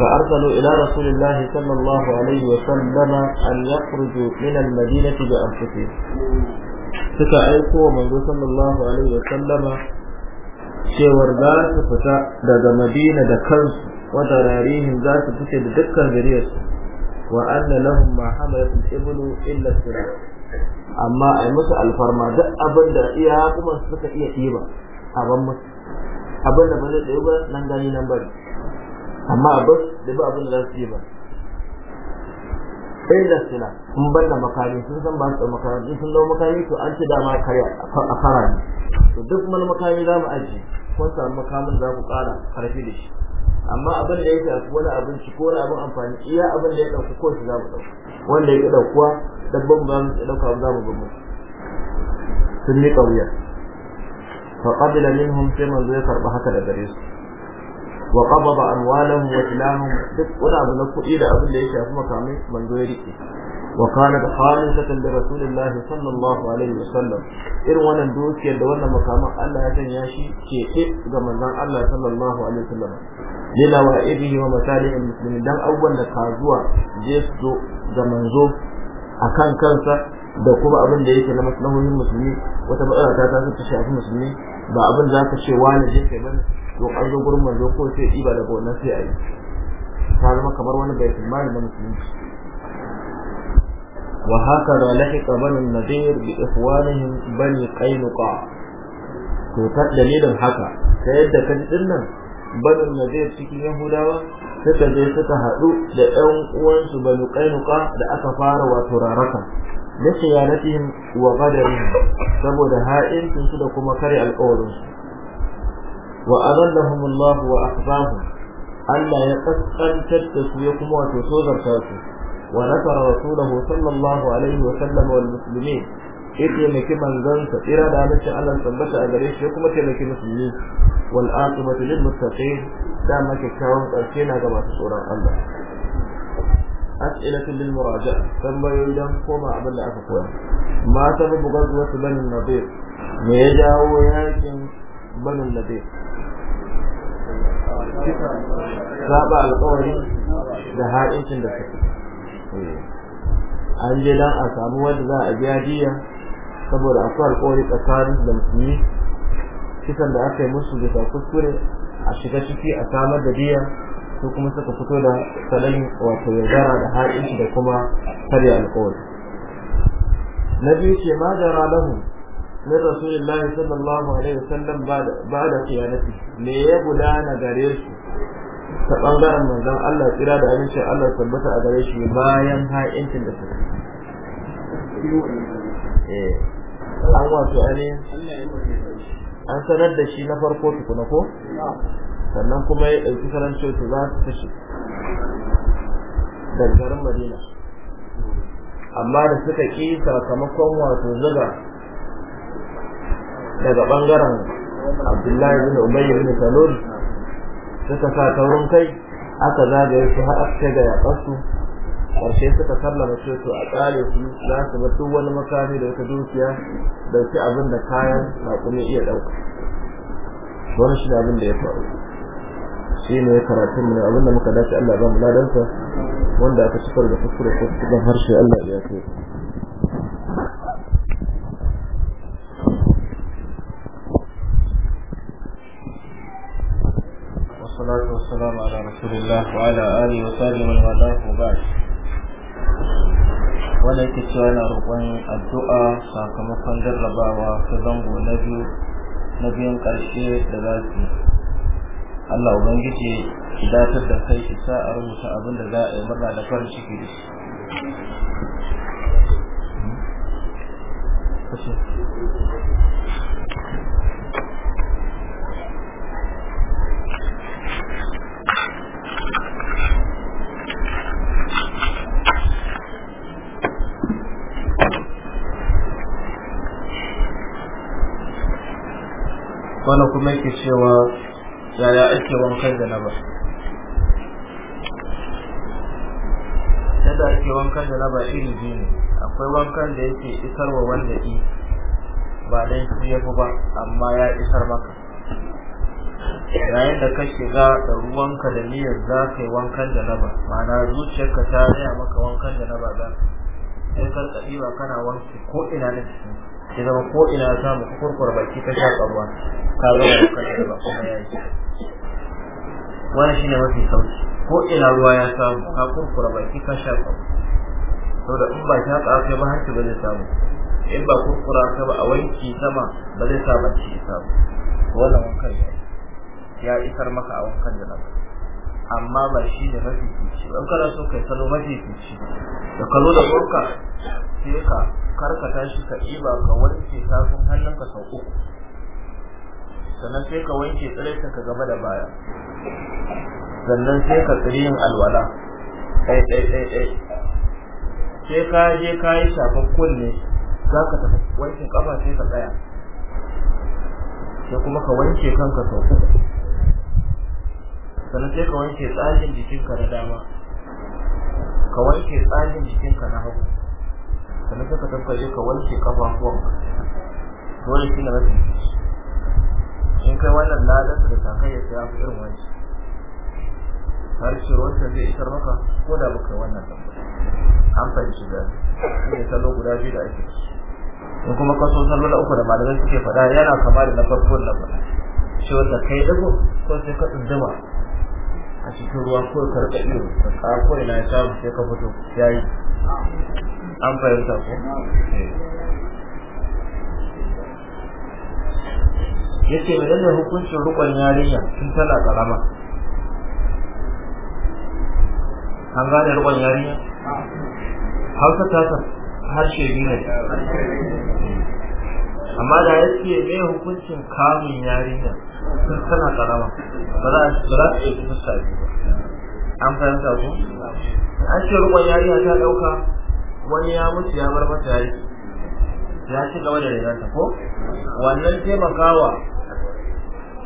فأرسلوا إلى رسول الله صلى الله عليه وسلم أن يخرجوا من المدينة بأنفسهم فكأيكوا منذ صلى الله عليه وسلم cewar za su fita daga madina da kansu wata rarihin za su fice da dukkan gariyarsu wa anna lahum ma hamalat ibnu illa sura amma ai musu alfarma duk abin da iya kuma suka iya ɗiba a ban musu abin da ba zai ɗaya ba nan gani nan bari amma ba da ba abin da za su yi ba sai da suna sun bar da makami sun san ba su da makami sun dau makami to an ci ma kare a fara ne to duk wani makami za mu aji kun samu makamin za ku ƙara karfi da shi amma abin da ya shafi wani abinci ko wani abin amfani iya abin da ya ɗauki ko shi za mu ɗauki wanda ya ɗaukuwa dabban ba mu ɗauka za mu gumu sun miƙa wuya fa qabila minhum sai manzo ya karɓi haka da gare su wa qabada amwalahum wa silahum duk wani abu na kuɗi da abin da ya shafi makamai manzo ya rike wa kanat khalisatan li rasulillahi sallallahu alaihi wa sallam, irin wannan dukiyar da wannan makamai Allah ya sanya shi ke ga manzon Allah sallallahu alaihi wa wasallam lila wa ibihi wa masalihil muslimin dan abubuwan da kazuwa zai zo ga manzo a kan kansa da kuma abin da yake na maslahohin musulmi wata matsala ta ta shafi musulmi ba abin za ka ce wani je kai bane to an zo gurin manzo ko sai iba daga wannan sai ayi ta zama kamar wani baitul mal da musulunci wa haka da lahiqa banu nadir bi ikhwanihim bani qainuqa to ta dalilin haka ta yadda kan dinnan banu nadir cikin yahudawa suka je suka haɗu da ɗan uwansu banu qainuqa da aka fara wato raraka da siyaratihim wa qadarihim saboda ha'in su da kuma kare alƙawarinsu wa azallahum Allah wa ahbahum Allah ya kaskantar da su ya kuma wato sozarta su wa nasara rasulahu sallallahu alaihi wa sallam wal muslimin ya taimaki manzansa tsira da halittar Allah tabbata a gare shi ya taimaki musulmi wal aqibatu da ma kyakkyawan na ga masu tsoron Allah أسئلة للمراجعة ثم يلزم كما أبن أفقوا ما سبب غزوة بني النضير ما يجاو ياكم بني النضير saba alƙawari da ha'incin da suke eh, an je don a samu wanda za a biya diya saboda akwai alƙawari tsakanin da musulmi kisan da aka yi musu da ta kuskure a shiga ciki a samar da diya su kuma suka fito da salon wato yaudara da ha'inci da kuma karya alƙawari na biyu ce ma da ralahu min rasulillahi sallallahu alaihi wasallam ba da kiyanati me ya gudana gare su ta bangaren manzon Allah tsira da amincin Allah tabbata a gare shi bayan ha'incin da suka eh an an sanar da shi na farko tukuna ko sannan kuma ya ɗauki sanar coci za su kashe daga garin Madina amma da suka ƙi sakamakon wato zuga daga bangaren abdullahi bin ubay bin salul suka sa taurin kai aka zagaye su har aka ga yakarsu ƙarshe suka sallama ce to a tsare su za su bar duk wani makami da wata dukiya da su abin da kayan kuma iya dauka wannan shi abin da ya faru shi ne karatun mu abin da muka dace Allah ba mu ladanta wanda aka cikar da kuskure ko cikin harshe Allah ya ce والصلاة ala على wa الله وعلى wa وصحبه من والاه وبعد Wannan yake cewa yana roƙon addu'a sakamakon jarrabawa ta zango na biyu na biyan ƙarshe da za su Allah Ubangiji ki datar da kai ki sa a rubuta abin da za a yi murna da farin ciki da shi. wani kuma ke cewa yaya ake wankan janaba yadda ake wankan janaba iri biyu ne akwai wankan da yake wa wanda yi ba dan shi ya fi ba amma ya isar maka yayin da ka shiga da ruwanka da niyyar za ka yi wankan janaba ma'ana zuciyarka ta raya maka wankan janaba za sai ka ɗiba kana wanke ko ina na jikinka ya zama ko ina za mu kurkura baki ta sha ruwa ka zama da kan ba kuma ya yi wannan shine mafi sauki ko ina ruwa ya samu ka kurkura baki ka shaƙa saboda in ba shaƙa kai ba hanci ba zai samu in ba kurkura ka ba a wanki sama ba zai sa shi ya samu wannan wankan ya isar maka a wankan da naka amma ba shi ne mafi kici ba kana so kai sano mafi kici da kalo da burka sai ka karkata shi ka ɗiba ka wanke hannun hannunka sau uku sannan sai ka wanke tsiraitin ka gaba da baya sannan sai ka tsiri yin alwala ɗai ɗai ɗai ɗai sai ka je ka yi shafin kunne za ka tafi wankin ƙafa sai ka tsaya sai kuma ka wanke kanka sau uku sannan sai ka wanke tsarin jikinka na dama ka wanke tsarin jikinka na hagu sannan sai ka tabbata ka wanke ka. dole shi na rasu in kai wannan ladan da takai ya tsaya irin wani har shi wancan zai isar maka ko da baka wannan ba an fahimci da ne salo guda biyu da ake in kuma ka salo da uku da malamai suke faɗa yana kama da na farko da faɗa shi wanda kai dago ko sai ka tsindima a cikin ruwa ko ka rika iyo ka kako ina ya samu sai ka fito yayi an fahimta ko eh. yace menene hukuncin rukun yarinya tun tana karama an gane rukun yarinya hausa ta ta harshe biyu ne amma da yake me hukuncin kamun yarinya tun tana karama ba za a yi kusa sa ba an fahimta ku an ce rukun yariya ta ɗauka wani ya mutu ya bar mata yari ya ci gaba da ta, ko wannan taimakawa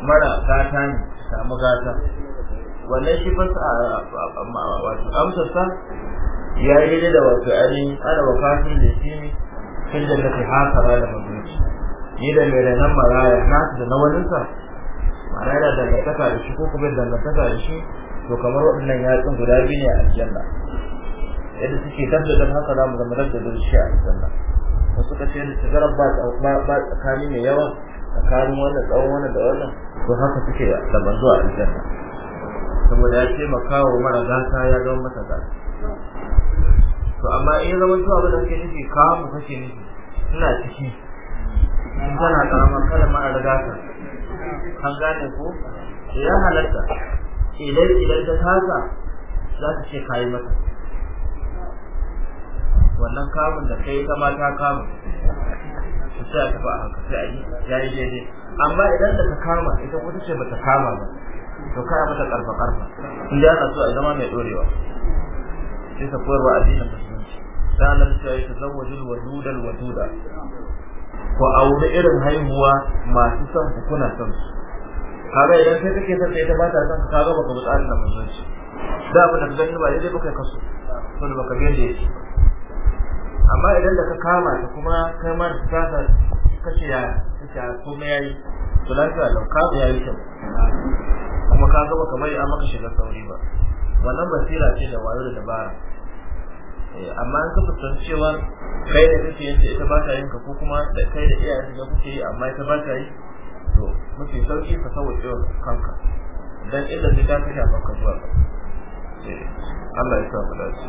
mara gata ne samu gata wannan shi fasa wasu amsarsa ya yi daidai da wasu ainihin ana bukatun da shi ne tun da nake da mazuci ni da mai nan maraya nasu da na waninsa ma'ana yana dangantaka da shi ko kuma yana dangantaka da shi to kamar waɗannan yatsun guda biyu ne a aljanna yadda suke dabdadan haka za mu zama dabdadan shi a aljanna wasu suka ce yadda sigarar ba tsakani mai yawa tsakanin wanda tsawon wanda da wannan to haka suke da manzo a aljanna saboda ya taimaka wa mara gata ya zama masa gata to amma in zama zuwa ba da kake nufi kawo mu kake nufi ina ciki in kana karama kada mara gata Kan gane ko ya halatta idan idan ta tasa za ta ce kayi mata wannan kamun da kai kama ta kamun sai a tafi a haka sai a yi ya yi daidai amma idan da ta kama ita ko ta ce ba ta kama ba to kaya mata karfa karfa in ya ana so a zama mai dorewa sai ta koyarwa addinin musulunci da Allah ya ce ta zawwajul wadudal waduda ku auri irin haihuwa masu son ku kuna son su kaga idan sai kake son sai ta bata son ka ga baka butsarin da san shi da abin da yi ba daidai baka kaso to da baka gaida shi. amma idan da ka kama ta kuma kai ma ta sa kace ya kace komai yayi to lafiya lau ka ya yi kyau kuma ka ga baka bari an maka shiga sauri ba wannan basira ce da wayo da dabara Eh, amma an ka san cewa kai da kake yin ita ba ta yin ka ko kuma da kai da iyayen da kuke yi amma ita ba ta yi to mafi sauki ka sauke wa kanka dan illa zai ka tafi maka zuwa ka eh, Allah ya sa dace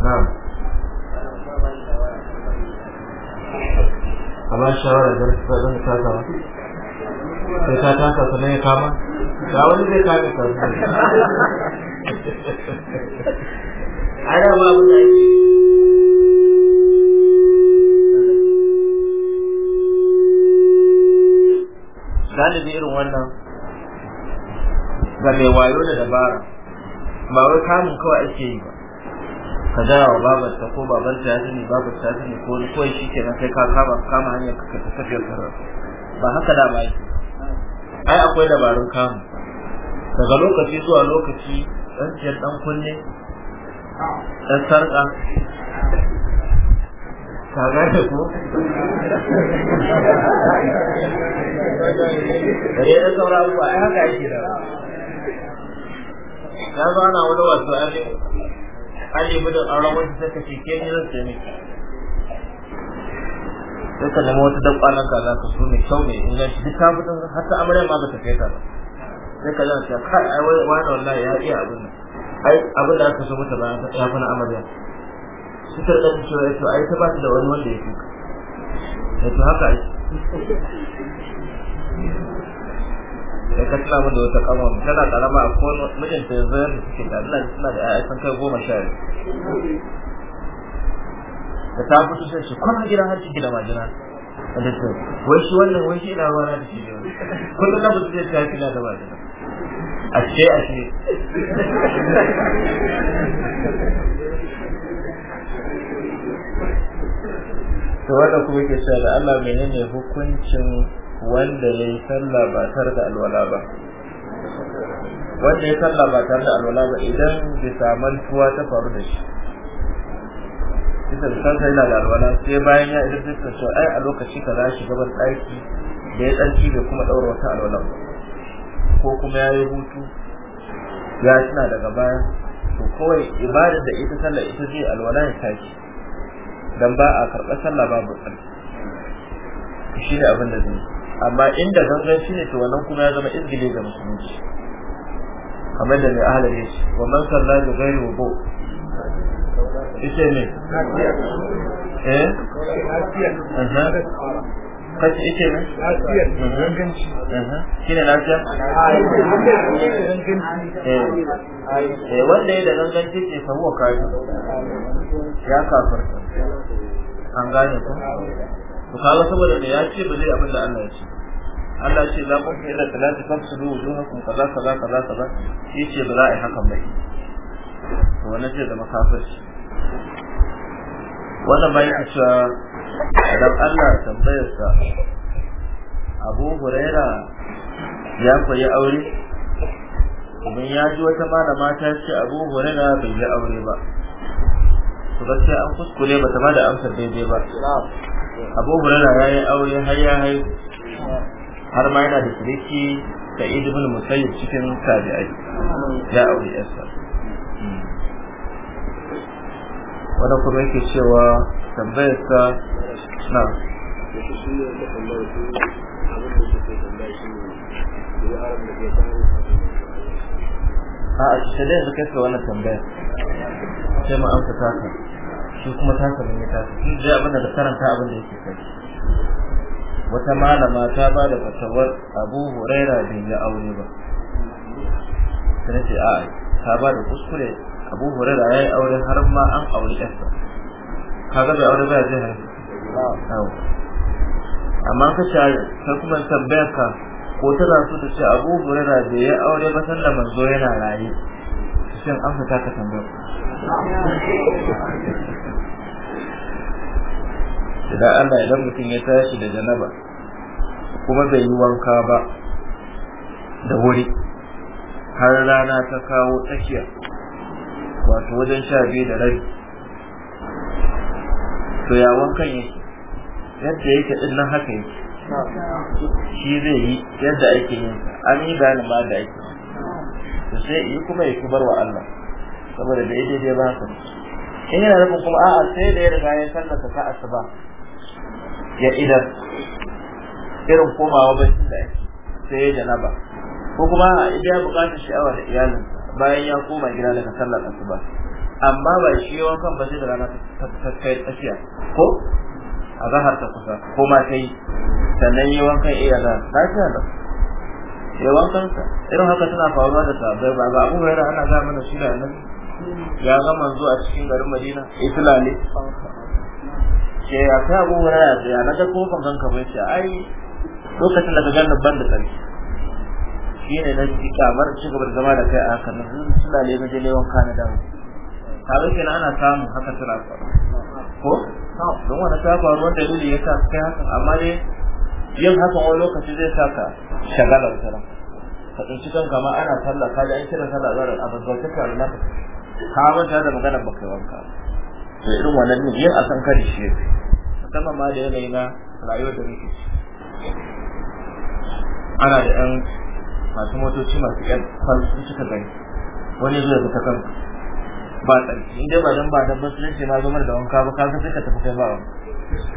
na'am shawara da ta zan ta ta sai ta ta sanan ya kama ga wani zai kame ka ana ma abin da ake galibi irin wannan ga mai wayo da dabara ba wai kamun kawai ake yi ba ka gaya wa babarta ko babanta ya sani babarta ya sani ko wani kawai shi kenan sai ka kama kama hanyar ka ka tafiyar karar ba haka da ba yake ai akwai dabarun kamu daga lokaci zuwa lokaci ɗanciyar ɗan kunne ɗan sarƙa kaga da ko kare da saura abuwa ai haka yake da na zo ana wani wasu auren wasu ni zan sami sai ka nemi wata dan kaza ka so mai kyau mai inganci duk ta ma ba ta kai ka ba sai ka zan ce kai ai wani ya iya abin ai abin da aka so mata ba ta tafi na amarya su ta da cewa ya ai ta ba ta da wani wanda ya fi da to haka ai da ka tsara mu da wata kama tana karama a kowane mijinta yanzu yadda suke da Allah suna da ai san kai goma sha da ta fito sai shi kwana gida har ciki da majina wai shi wannan wai shi ina ruwa na da shi ne kullum na mutum zai ta fi na da majina a ashe to wanda kuma ke cewa da Allah menene hukuncin wanda ya yi sallah ba tare da alwala ba wanda ya sallah ba tare da alwala ba idan bisa mantuwa ta faru da shi da san sai da alwala sai bayan ya idan suka ce ai a lokaci ka za shi gaban ɗaki da ya tsanci da kuma daura wata alwala ba ko kuma ya yi hutu ya tuna daga baya to kawai ibadar da ita sallah ita zai alwala ya tashi dan ba a karɓa sallah babu tsarki shi ne abin da zai amma inda gangan shi ne to wannan kuma ya zama izgile ga musulunci kamar da mai ahalar ya ce wa man salla da gairi wa bo ishe ne eh kashi ike ne? Ganganci. Shi ne lafiya? Eh, wanda ya da ce ke samuwa kaji. Ya kafar. An gane ku? To kaga saboda me ya ce ba zai abin da Allah ya ce. Allah ya ce za ku ila talati fafsudu wujuhakum kaza kaza kaza kaza. Shi ce ba za a yi hakan ba. To wannan ce da makafirci. Wannan bayan a cewa dan Allah tambayar sa Abu Huraira ya koyi aure kuma ya ji wata malama ta ce Abu Huraira bai yi aure ba to ba sai an kuskure ba ta bada amsar daidai ba Abu Huraira ya yi aure har ya hai har ma yana da kiriki da ibn musayyib cikin tabi'ai ya aure yarsa wannan kuma yake cewa tambayar sa na shi shi a'a kai wannan sai mu amsa kuma ta ka mun ta shi dai abin da karanta abin da yake kai wata malama ta ba da fatawar Abu Huraira bai yi aure ba sai a'a ta ba da kuskure Abu Huraira yayi aure har ma an aure yarsa bai aure ba zai amma ka ce ta kuma tambayar ka ko tana so ta ce abu hurera da ya aure ba sanda manzo yana raye shin an fita ka tambayar idan Allah idan mutum ya tashi da janaba kuma bai yi wanka ba da wuri har rana ta kawo tsakiya wato wajen sha biyu da rai to ya wankan yake yadda yake din nan haka yake shi zai yi yadda ake yin an yi da alama da ake to sai yi kuma ya kubar wa Allah saboda da yadda dai ba ka in yana kuma a'a sai da ya riga ya sallata ta asuba ya idan irin komawa bacci da ake sai ya janaba ko kuma idan ya bukatar sha'awa da iyalin bayan ya koma gida daga sallar asuba amma ba shi yawan kan ba da rana ta kai tsakiya ko a zaharta kusa ko ma sannan yi wankan iyala ta ce da yi wankan sa irin haka tana faruwa da sabai ba ba abu gaira ana ga mana shi da nan ya ga manzo a cikin garin Madina islale ke ya ta abu gaira ya na da ko ban ganka bai A ai lokacin da ka ganna ban da Shi ne na ji kamar ci gaba da zama da kai a haka nan suna ne na je lewan kana da kenan ana samun haka tana ko don wannan ta faruwar dalili ya sa kai hakan amma dai yin hakan wani lokaci zai sa ka shagala wata ran ka tsinci kanka kama ana sallah ka ji an kira sallah zara a ta ka na ka ta da maganar bakwai wanka to irin wannan ne yin kan kari shi ne? kama ma da yanayi na rayuwar da muke ana da yan masu motoci masu yan kwalfi suka gani wani zuwa ta kanka ba tsarki in dai ba dan ba dan musulunci ma zo da wanka ba kaga sai ka tafi kai ba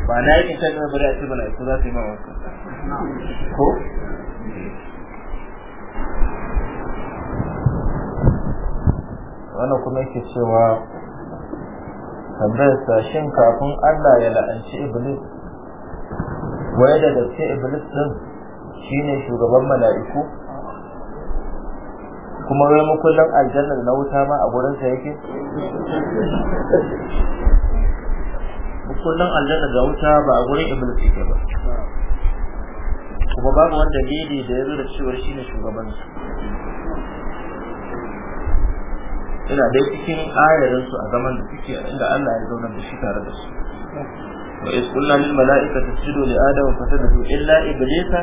ba na yi kan da bari a ce mana ko za ta yi ma wanka ko wannan kuma yake cewa tambayar sa shin kafin Allah ya la'anci iblis wai da gaske iblis din shine shugaban mala'iku kuma wai makullin aljanna na wuta ma a gurinsa yake makullin aljanna da wuta ba a gurin iblis yake ba kuma babu wanda dalili da ya zo da cewar shugaban su ina dai cikin su a zaman da suke inda Allah ya zauna da shi tare da su wa is qulna lil mala'ikati tasjudu li adama fasajadu illa iblisa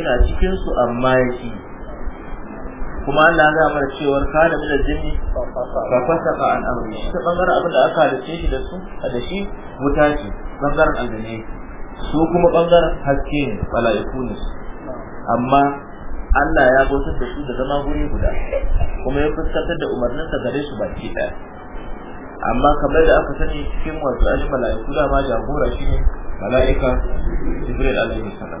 ina cikin su amma yake kuma Allah ya gaya mana cewar kana min aljinni fa fa an amri shi bangaren abin da aka halice shi da su da shi wuta ce bangaren aljanni su kuma bangaren haske ne malaiku ne amma Allah ya gosar da su da zama guri guda kuma ya fuskantar da umarninsa gare su baki daya amma kamar da aka sani cikin wasu ali malaiku da ma jagora shine malaika Jibril alaihi salam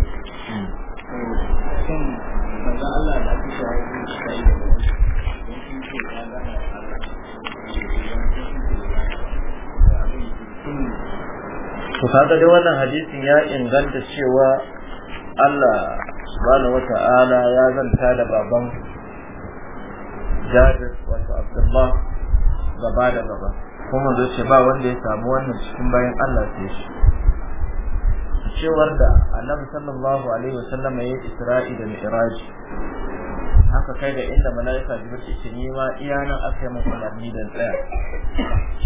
Ku kaga dai wannan hadisin ya inganta cewa Allah subhanahu wata'ala ya zanta da baban Jabir wato Abdullah gaba da gaba kuma zai ce ba wanda ya samu wannan cikin bayan Allah sai shi cewar da Annabi sallallahu alaihi wasallam ya yi Isra'i da Mi'raj haka kai da inda malaika jibril yake nima ma iyana aka yi mun umarni da tsaya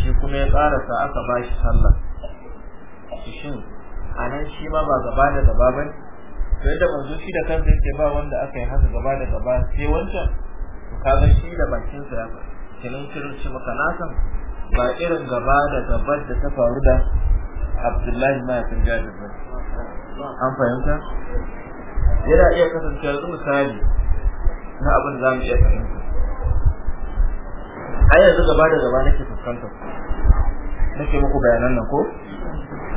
shi kuma ya karasa aka bashi sallah shi shin anan shi ma ba gaba da gaba bane to yadda manzo shi da kansa yake ba wanda aka yi haka gaba da gaba sai wancan kaga shi da bakin sa ya kenan kirin shi maka nasan ba irin gaba da gaba da ta faru da Abdullahi ma ya tunja da an fahimta yana iya kasance yanzu misali na abin da mu iya fahimta A yanzu gaba da gaba nake fuskantar nake muku bayanan nan ko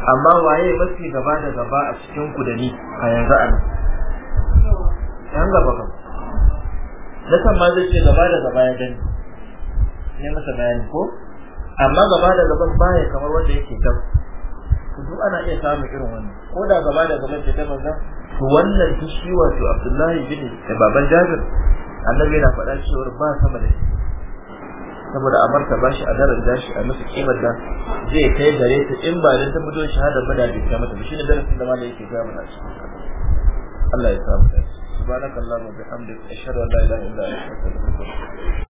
amma waye mafi gaba da gaba a cikin ku da ni a yanzu a nan yan gaba ba na san ma zai ce gaba da gaba ya gani ne masa bayani ko amma gaba da gaban baya kamar wanda yake gab duk ana iya samun irin wannan ko da gaba da gaban ta manzan to wannan shi wato Abdullahi bin baban Jabir annabi yana faɗa cewa ba sama da shi saboda amar ta shi a daren shi a nufin kimar da zai kai gare ta in ba dan ta fito shahada ba da bai ta mata ne darasin da malai yake ga mana shi Allah ya samu subhanakallahumma bihamdika ashhadu an la ilaha illa anta astaghfiruka wa atubu